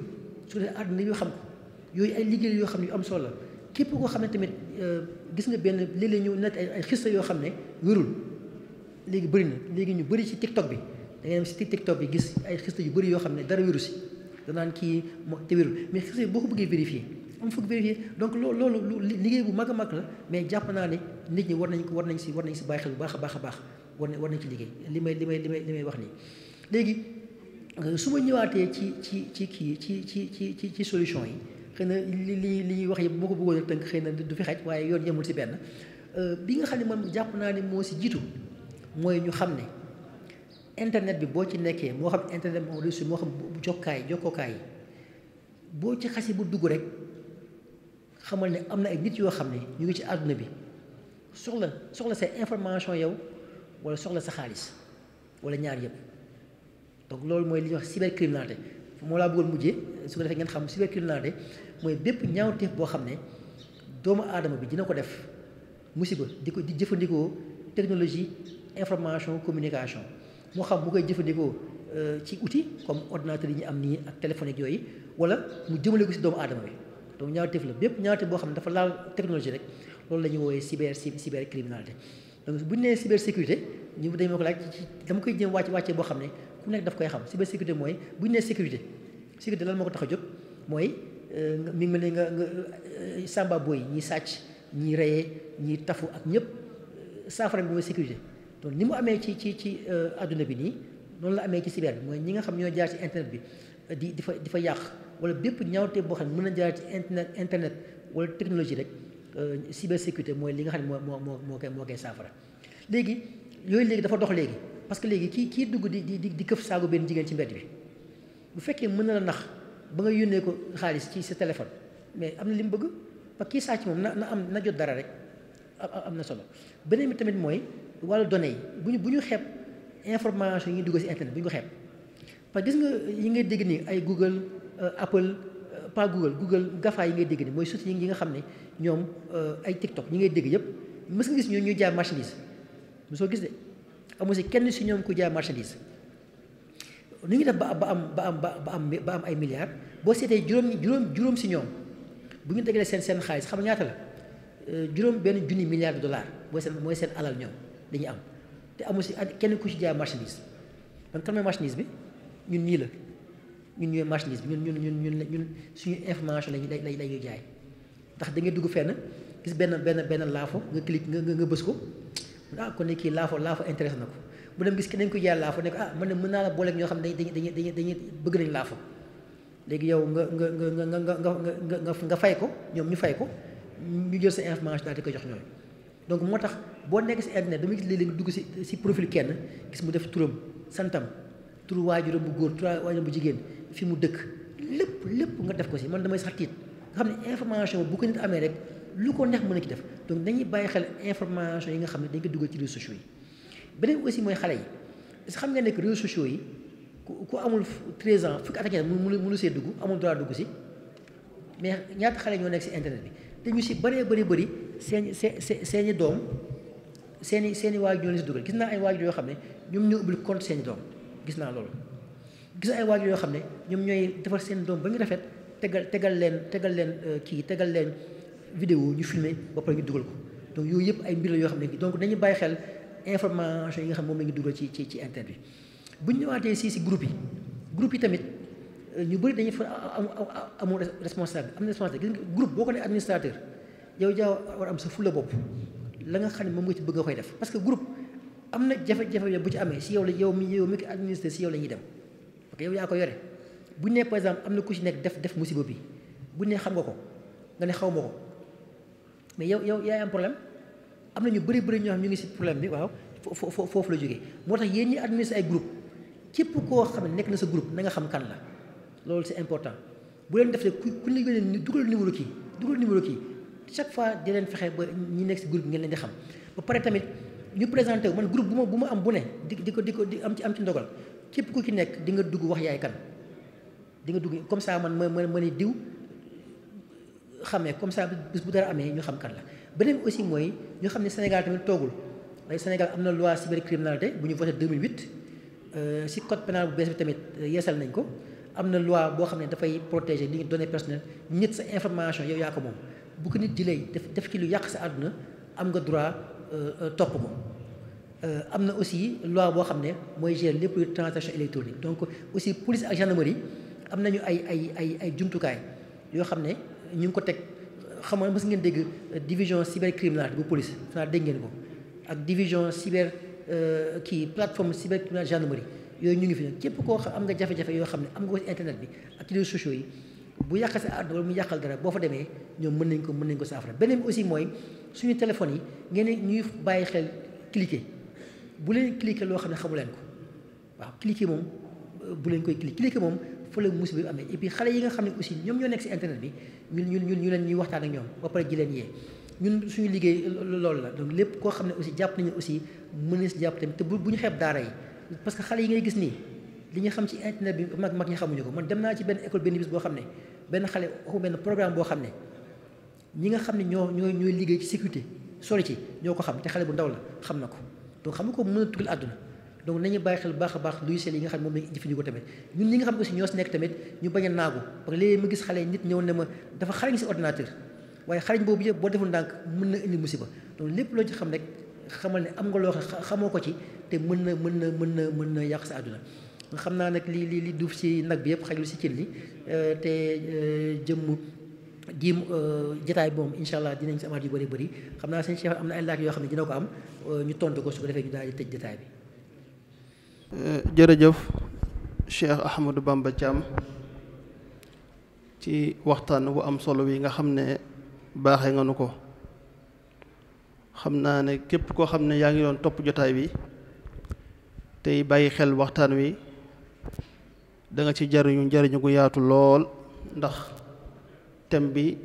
su dee àdduna ñu xam ko yooyu ay liggéey yoo xam ne yu am solo la képp koo xam ne tamit euh, gis nga benn léeg-léeg ñu nekk ay ay xista yoo xam ne wérul léegi bëri na léegi ñu bëri ci TikTok bi da ngay dem si TikTok bi gis ay xista yu bëri yoo xam ne dara wéru si danaan kii moo te wérul mais xista yi boo ko bëggee vérifier am fukk vérifié donc loolu loolu liggéey bu mag a mag la mais jàpp naa ne nit ñi war nañ ko war nañ si war nañ si bàyyi xel bu baax a baax a baax war nañ war nañ ci liggéey li may li may li may wax nii léegi euh, su ma ñëwaatee ci ci ci kii ci ci ci ci ci solution yi xëy na li li li ñuy wax yëpp boo ko bëggoon a tënk xëy na du fi xaj waaye yoon yemul si benn euh, bi nga xam ne man jàpp naa ne moo si jiitu mooy ñu xam ne internet bi boo ci nekkee moo xam internet moom reçu moo xam jokkaay jokkookaay yi boo ci xasi bu dugg rek xamal ne am na ay nit yoo xam ne ñu ngi ci àdduna bi soxla soxla sa information yow wala soxla sa xaalis wala ñaar yëpp donc loolu mooy li ñuy wax cybercriminalité moo laa bëggoon mujjee su ko defee ngeen xam cybercriminalité mooy bépp ñaawteef boo xam ne doomu aadama bi dina ko def musiba di ko di jëfandikoo technologie information communication moo xam mu koy jëfandikoo euh, ci uti comme ordinateur yi ñu am nii ak téléphone yooyu wala mu jëmale ko doomu aadama bi. donc ñaawteef la bépp ñaawteef boo xam ne dafa laal technologie rek loolu la ñu wooyee cyber cyber criminalité donc bu ñu nee cybersécurité ñu dañ ma ko laaj dama koy jëm wàcc wàccee boo xam ne ku nekk daf koy xam cybersécurité mooy bu ñu nee sécurité sécurité lan moo ko tax a jóg mooy euh, mi ngi ne nga nga euh, samba boy ñi sàcc ñi reyee ñii tafu ak ñëpp euh, saafara bi mooy sécurité donc ni mu amee ci ci ci adduna bi nii noonu la amee ci cyber bi mooy ñi nga xam ñoo jaar ci internet bi di di fa di fa yàq wala bépp ñaawte boo xam ne mën na jaar ci internet internet wala technologie rek euh, cybersécurité mooy li nga xam ne moo moo moo moo koy moo koy saafara léegi yooyu léegi dafa dox léegi parce que léegi kii kii dugg di di di këf saagu benn jigéen ci mbedd bi bu fekkee mën na la nax ba nga yónnee ko xaalis ci sa téléphone mais am na li mu bëgg parce que kii sàcc moom na na am na jot dara rek am na solo beneen bi tamit mooy wàllu données bu ñu bu ñu xeeb information yi dugg si internet bu ñu ko xeeb parce que gis nga yi nga dégg ay Google Euh, Apple euh, pas Google Google GAFA yi ngay dégg ni mooy société yi nga xam ne ñoom euh, ay TikTok ñi ngay dégg yëpp mës nga gis ñoo ñuy jaay marchandise mosoo gis de amul si kenn si ñoom ku jaay marchandise ni ñu def ba ba am ba am ba am ba ay milliards boo seetee juróom juróom juróom si ñoom bu ñu tegalee seen seen xaalis xam ñaata la juróom benn junni milliards de dollars mooy seen mooy seen alal ñoom ñu am te amu si kenn ku si jaay marchandise man kan mooy marchandise bi ñun nii la ñun ñooy marchandise bi ñun ñun ñun ñun ñun suñu information lañu la la ñuy jaay ndax da nga dugg fenn gis benn benn benn laafo nga clique nga nga bës ko ah kon ne kii laafo laafo intéressé na ko bu dem gis keneen ko jaay laafo ne ko ah man ne mën naa la booleeg ñoo xam ne dañuy dañuy dañuy bëgg nañ laafo léegi yow nga nga nga nga nga nga nga fay ko ñoom ñu fay ko ñu jël sa information di ko jox ñooy donc moo tax boo nekk si internet dama gis léeg-léeg dugg si si profil kenn gis mu def turam santam turu waajuram bu góor turu waajuram bu jigéen fi mu dëkk lépp lépp nga def ko si man damay sax tiit nga xam ne information bu ko nit amee rek lu ko neex mën na ci def donc dañuy bàyyi xel information yi nga xam ne dañ ko dugal ci réseaux sociaux yi beneen aussi mooy xale yi parce nekk réseaux sociaux yi ku ku amul 13 ans fukki at ak ñaar see dugg amul droit dugg si mais ñaata xale ñoo nekk si internet bi te ñu si bëree bëri bëri seen seen seen i doom seen i seen i waajur ñoo leen si dugal gis naa ay waajur yoo xam ne ñoom ñoo ubbil compte seen doom gis naa loolu. gis ay waajur yoo xam ne ñoom ñooy defar seen doom ba ñu rafet tegal tegal leen tegal leen euh, kii tegal leen vidéo ñu filmé ba pare ñu dugal ko donc yooyu yëpp ay mbir la yoo xam ne donc dañu bàyyi xel information yi nga xam moom la ñu dugal ci ci ci internet bi bu ñu ñëwaatee si si groupe yi tamit euh, ñu bëri dañuy fa amul responsable am na responsable gis nga groupe boo ko nee administrateur yow jaaw war am sa fulla bopp la nga xam ne moom nga ci bëgg a koy def parce que groupe am na jafe-jafe bu ci amee si yow la yow mi yow mi ko si yow la ñuy dem parce yow yaa ko yore bu ñu nee par exemple am na ku ci nekk def def musiba bi bu ñu nee xam nga ko nga ne xaw ma ko mais yow yow yaay am problème am na ñu bëri bëri ñoo xam ñu ngi si problème bi waaw foofu la jógee moo yéen ñi administre ay groupe képp koo xam ne nekk na sa groupe na nga xam kan la loolu c'est important bu leen defee ku ku ñu yónnee ni dugal numéro kii dugal numéro kii chaque fois di leen fexe ba ñi nekk ci groupe ngeen leen di xam ba pare tamit ñu présenté wu man groupe bu ma bu ma am bu ne di di ko di ko di am ci am ci ndogal képp ku ci nekk di nga dugg wax yaay kan di nga dugg comme ça man ma ma ma ne diw xamee comme ça bis bu dara amee ñu xam kan la beneen aussi mooy ñu xam ne Sénégal tamit toogul day Sénégal am na loi cybercriminalité bu ñu voté 2008 euh, si code pénal bu bees bi tamit yeesal nañ ko am na loi boo xam ne dafay protéger li nga données personnelles nit sa information yow yaa ko moom bu ko nit di lay def def ci lu yàq sa àdduna am nga droit euh, euh, topp ko Euh, am na aussi loi boo xam ne mooy gérer lépp luy transaction électronique donc aussi police ak gendarmerie am nañu ay ay ay ay jumtukaay yoo xam ne ñu ngi ko teg xam nga mës ngeen dégg euh, division cybercriminalité bu police dégg ngeen ko ak division cyber euh, kii plateforme cybercriminalité gendarmerie yooyu ñu ngi fi nag képp koo xam am nga jafe-jafe yoo xam ne am nga ko internet bi ak ci réseaux sociaux yi bu yàqal sa àdduna wala mu yàqal dara boo fa demee ñoom mën nañ ko mën nañ ko saafara beneen aussi mooy suñu téléphones yi ngeen ñuy bàyyi xel cliquer. bu leen cliquer loo xam ne xamu leen ko waaw cliquer moom euh, bu leen koy cliquer cliquer moom fa la musiba am amee et puis xale yi nga xam ne aussi ñoom ñoo nekk si internet bi ñun ñun ñu leen ñuy waxtaan ak ñoom ba pare ji leen yee ñun suñu liggéey loolu la donc lépp koo xam ne aussi jàpp nañu aussi mën na bu ñu xeeb daara yi parce que xale yi ngay gis nii li xam ci internet bi mag mag ñi xamuñu ko man dem naa ci benn école benn bis boo xam ne benn xale waxu benn programme boo xam ne ñi nga xam ne ñoo ñooy ñooy liggéey ci sécurité sori ci ñoo ko xam te xale bu ndaw la xam na ko donc xam nga ko mën na tugal àdduna donc nañu bàyyi xel baax a baax luy sel yi nga xam ne moom lañu jëfandikoo tamit ñun ñi nga xam ne aussi ñoo si nekk tamit ñu bañ a naagu parce que léegi ma gis xale nit ñëw ne ma dafa xarañ si waaye xarañ boobu yëpp boo deful ndànk mën na indi musiba donc lépp loo ci xam rek xamal ne am nga loo xamoo ko ci te mën na mën na mën na mën yàq sa àdduna nga xam naa nag li li li duuf si nag bi yëpp xajul si cin li euh, te euh, jëmm jiim euh, jotaay boobu incha allah dinañ si amaat yu bari bari xam naa seen Cheikh am na ay laaj yoo xam ne dina ko am euh, ñu tontu ko su ko defee ñu daal di bi. Euh, jërëjëf Cheikh Ahmadou Bamba Thiam ci waxtaan bu am solo wi nga xam ne baaxe nga nu ko xam naa ne képp koo xam ne yaa ngi doon topp jotaay bi tey bàyyi xel waxtaan wi da ci jariñu jariñu gu yaatu lool ndax. thème bi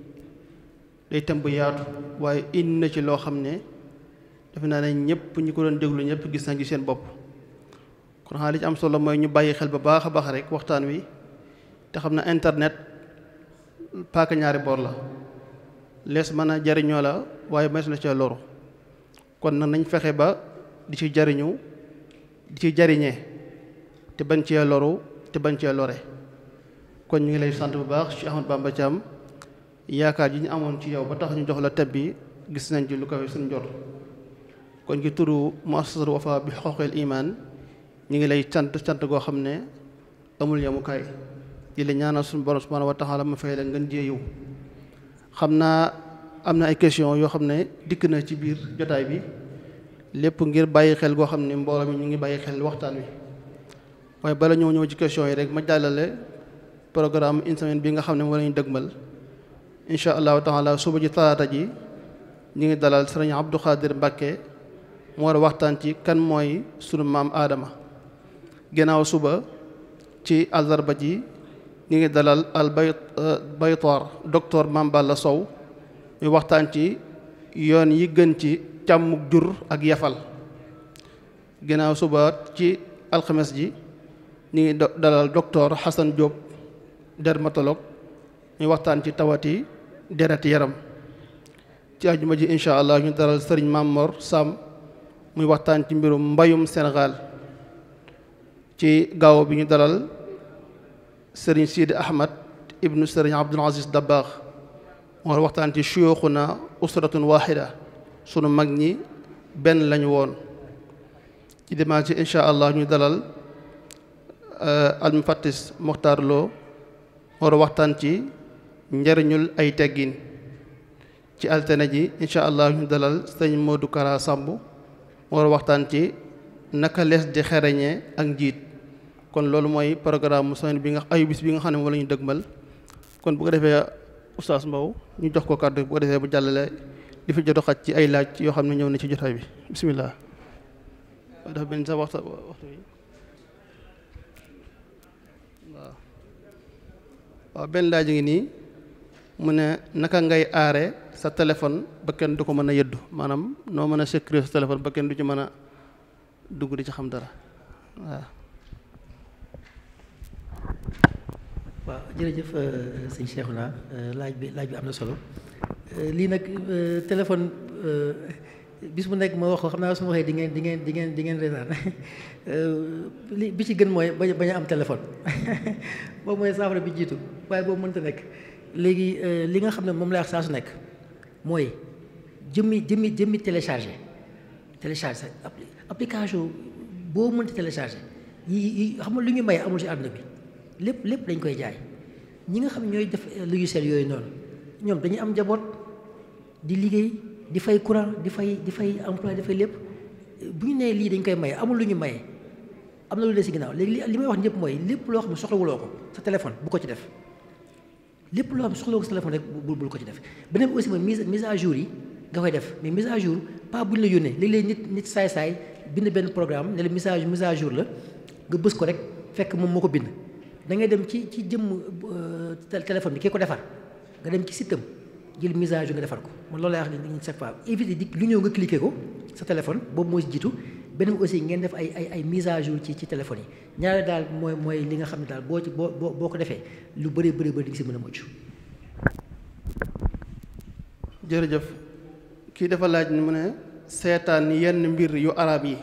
day thème bu yaatu waaye indi na ci loo xam ne defe naa ne ñëpp ñu ko doon déglu ñëpp gis nañ ci seen bopp kon xanaa li ci am solo mooy ñu bàyyi xel bu baax a baax rek waxtaan wi te xam na internet paaka ñaari boor la lees mën a jariñoo la waaye mees na cee loru kon nag nañ fexe ba di ci jariñu di ci jariñe te bañ cee loru te bañ cee lore kon ñu ngi lay sant bu baax Cheikh Ahmad Bamba Thiam yaakaar ji ñu amoon ci yow ba tax ñu jox la tab bi gis nañ ci lu kawe suñ jot kon ci turu muassasatul Wafa bi xooxeel iman ñu ngi lay cant cant goo xam ne amul yamukaay di la ñaanal suñu borom subhanahu wa taala ma fay la ngeen jéeyu xam naa am na ay question yoo xam ne dikk na ci biir jotaay bi lépp ngir bàyyi xel goo xam ne mbooloo mi ñu ngi bàyyi xel waxtaan wi waaye bala ñëw ñëw ci question yi rek ma jàllale programme une bi nga xam ne moo la ñu incha allahu taala suba ji talaata ji ñu ngi dalal sëriñ Abdou Khadir Mbacke mu war a waxtaan ci kan mooy sunu maam aadama ginnaaw suba ci àllarba ji ñu ngi dalal al bay euh, baytoir docteur Mame Balla Sow ñu waxtaan ci yoon yi gën ci càmm jur ak yafal ginnaaw suba ci alxames ji ñu ngi dalal docteur Hassan Diop dermatologue ñu waxtaan ci tawat deret yaram ci àjjuma ji incha allah ñu daral sëriñ Mamor Sam muy waxtaan ci mbirum mbayum senegal ci gaaw bi ñu dalal sëriñ Sidi Ahmad ibnu sëriñ Abdul Aziz Dabaax moo waxtaan ci shuyuuxuna usratun waahida sunu mag ñi benn lañu woon ci dimanche allah ñu dalal euh, almufattis Moxtaar Lo war waxtaan ci njariñul ay teggin ci altine ji incha allah ñu dalal sëñ moodu Kara Samb mu war waxtaan ci naka lees di xereñee ak njiit kon loolu mooy programme mu semaine bi nga ayu bis bi nga xam ne moom la ñu dëgmal kon bu ko defee oustaz Mbow ñu jox ko kàddu bu defee bu jàllale li fi jot a ci ay laaj yoo xam ne ñëw na ci jotaay bi bisimilah. dafa benn sa waxtu waxtu bi waaw waaw benn laaj ngi nii. mu ne naka ngay aare sa téléphone ba kenn du ko mën a yëddu maanaam noo mën a sécuriser sa téléphone ba kenn du ci mën a dugg di ci xam dara waaw. waaw jërëjëf euh, sëñ naa euh, laaj bi laaj bi am na solo euh, lii nag téléphone bis bu nekk ma wax xam naa su ma waxee di ngeen di ngeen di ngeen di li bi ci gën mooy bañ bañ am téléphone boobu mooy saafara bi jiitu waaye boobu mënta nekk. léegi euh, li nga xam ne moom lay wax saa su nekk mooy jëmmi jëmmi jëmmi téléchargé téléchargé application boo mënti téléchargé yi xam nga lu ñu may amul si ànd bi lépp lépp dañ koy jaay ñi nga xam ñooy def logiciel yooyu noonu ñoom dañu am njaboot di liggéey di fay courant di fay di fay emploi di fay lépp bu ñu nee lii dañ koy maye amul lu ñu maye am na lu des si ginnaaw léegi li may wax ñëpp mooy lépp loo xam ne soxlawuloo ko sa téléphone bu ko ci def lépp loo am soxla ko sa téléphone rek bul bul ko ci def beneen bi aussi mooy mise mise à jour yi nga koy def mais mise à jour pas buñ la yónnee léeg-léeg nit nit saay-saay bind benn programme ne la mise à mise jour la nga bës ko rek fekk moom moo ko bind dangay dem ci ci jëmm euh, téléphone bi kee ko defar nga dem ci système jël mise à jour nga defar ko man loolu lay wax ni chaque fois éviter di lu ñëw nga cliquer ko sa téléphone boobu mooy jiitu beneen aussi ngeen def ay ay ay mise à jour ci ci téléphone yi ñaare daal mooy mooy li nga xam ne daal boo ci boo boo ko defee lu bëri bëri bëri di nga si mën a mucc. jërëjëf kii dafa laaj ni mu ne seetaan yenn mbir yu araam yi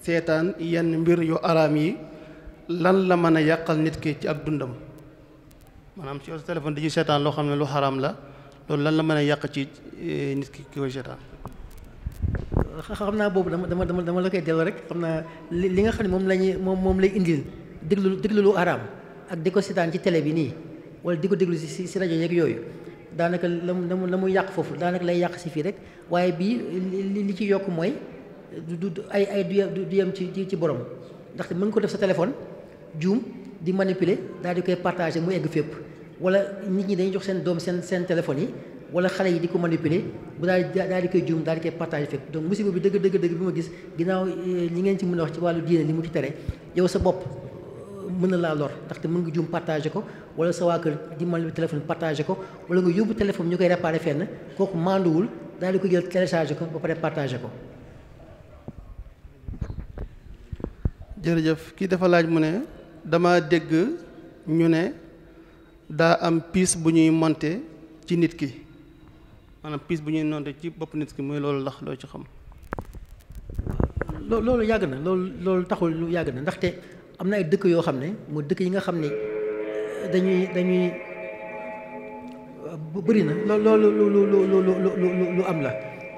seetaan yenn mbir yu araam yi lan la mën a yàqal nit ki ci ak dundam maanaam ci téléphone di ci seetaan loo xam ne lu xaraam la loolu lan la mën a yàq ci eh, nit ki ki koy seetaan. xam naa boobu dama dama dama la koy delloo rek xam naa li nga xam ne moom lañuy moom moom lay indi déglu déglu araam ak di ko seetaan ci télé bi nii wala di ko déglu si si rajo yeeg yooyu daanaka la mu la mu yàq foofu daanaka lay yàq si fii rek waaye bii li ci yokk mooy du du ay ay du yem ci ci borom ndaxte mën nga ko def sa téléphone juum di manipuler daal di koy partager mu egg fépp wala nit ñi dañu jox seen doom seen seen téléphone yi. wala xale yi di ko manipuler bu daal daal di koy juum daal di koy partager fépp donc musiba bi dëgg dëgg dëgg bi ma gis ginnaaw li euh, ngeen ci mën a wax ci wàllu diine li mu ci tere yow sa bopp euh, mën na laa lor ndaxte mën nga jum partager ko wala sa waa kër di man téléphone partager ko wala nga yóbbu téléphone ñu koy réparer fenn kooku manduwul daal di ko jël télécharger ko ba pare partager ko. jërëjëf kii dafa laaj mu ne dama dégg ñu ne daa am piis bu ñuy monter ci nit ki. maanaam piis bu ñuy noonte ci bopp nit ki mooy loolu ndax loo ci xam. loolu yàgg na loolu loolu taxul lu yàgg na ndaxte am na ay dëkk yoo xam ne mu dëkk yi nga xam ne dañuy dañuy bëri na loolu loolu loolu lu am la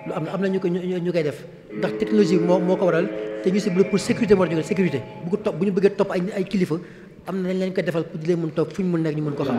lu am la am na ñu ko ñu koy def ndax technologie moo moo ko waral te ñu si pour sécurité moo tax sécurité bu ko topp bu ñu bëggee topp ay ay kilifa am na dañ leen ko defal pour di leen mën toog fu ñu mën nekk ñu mën ko xam.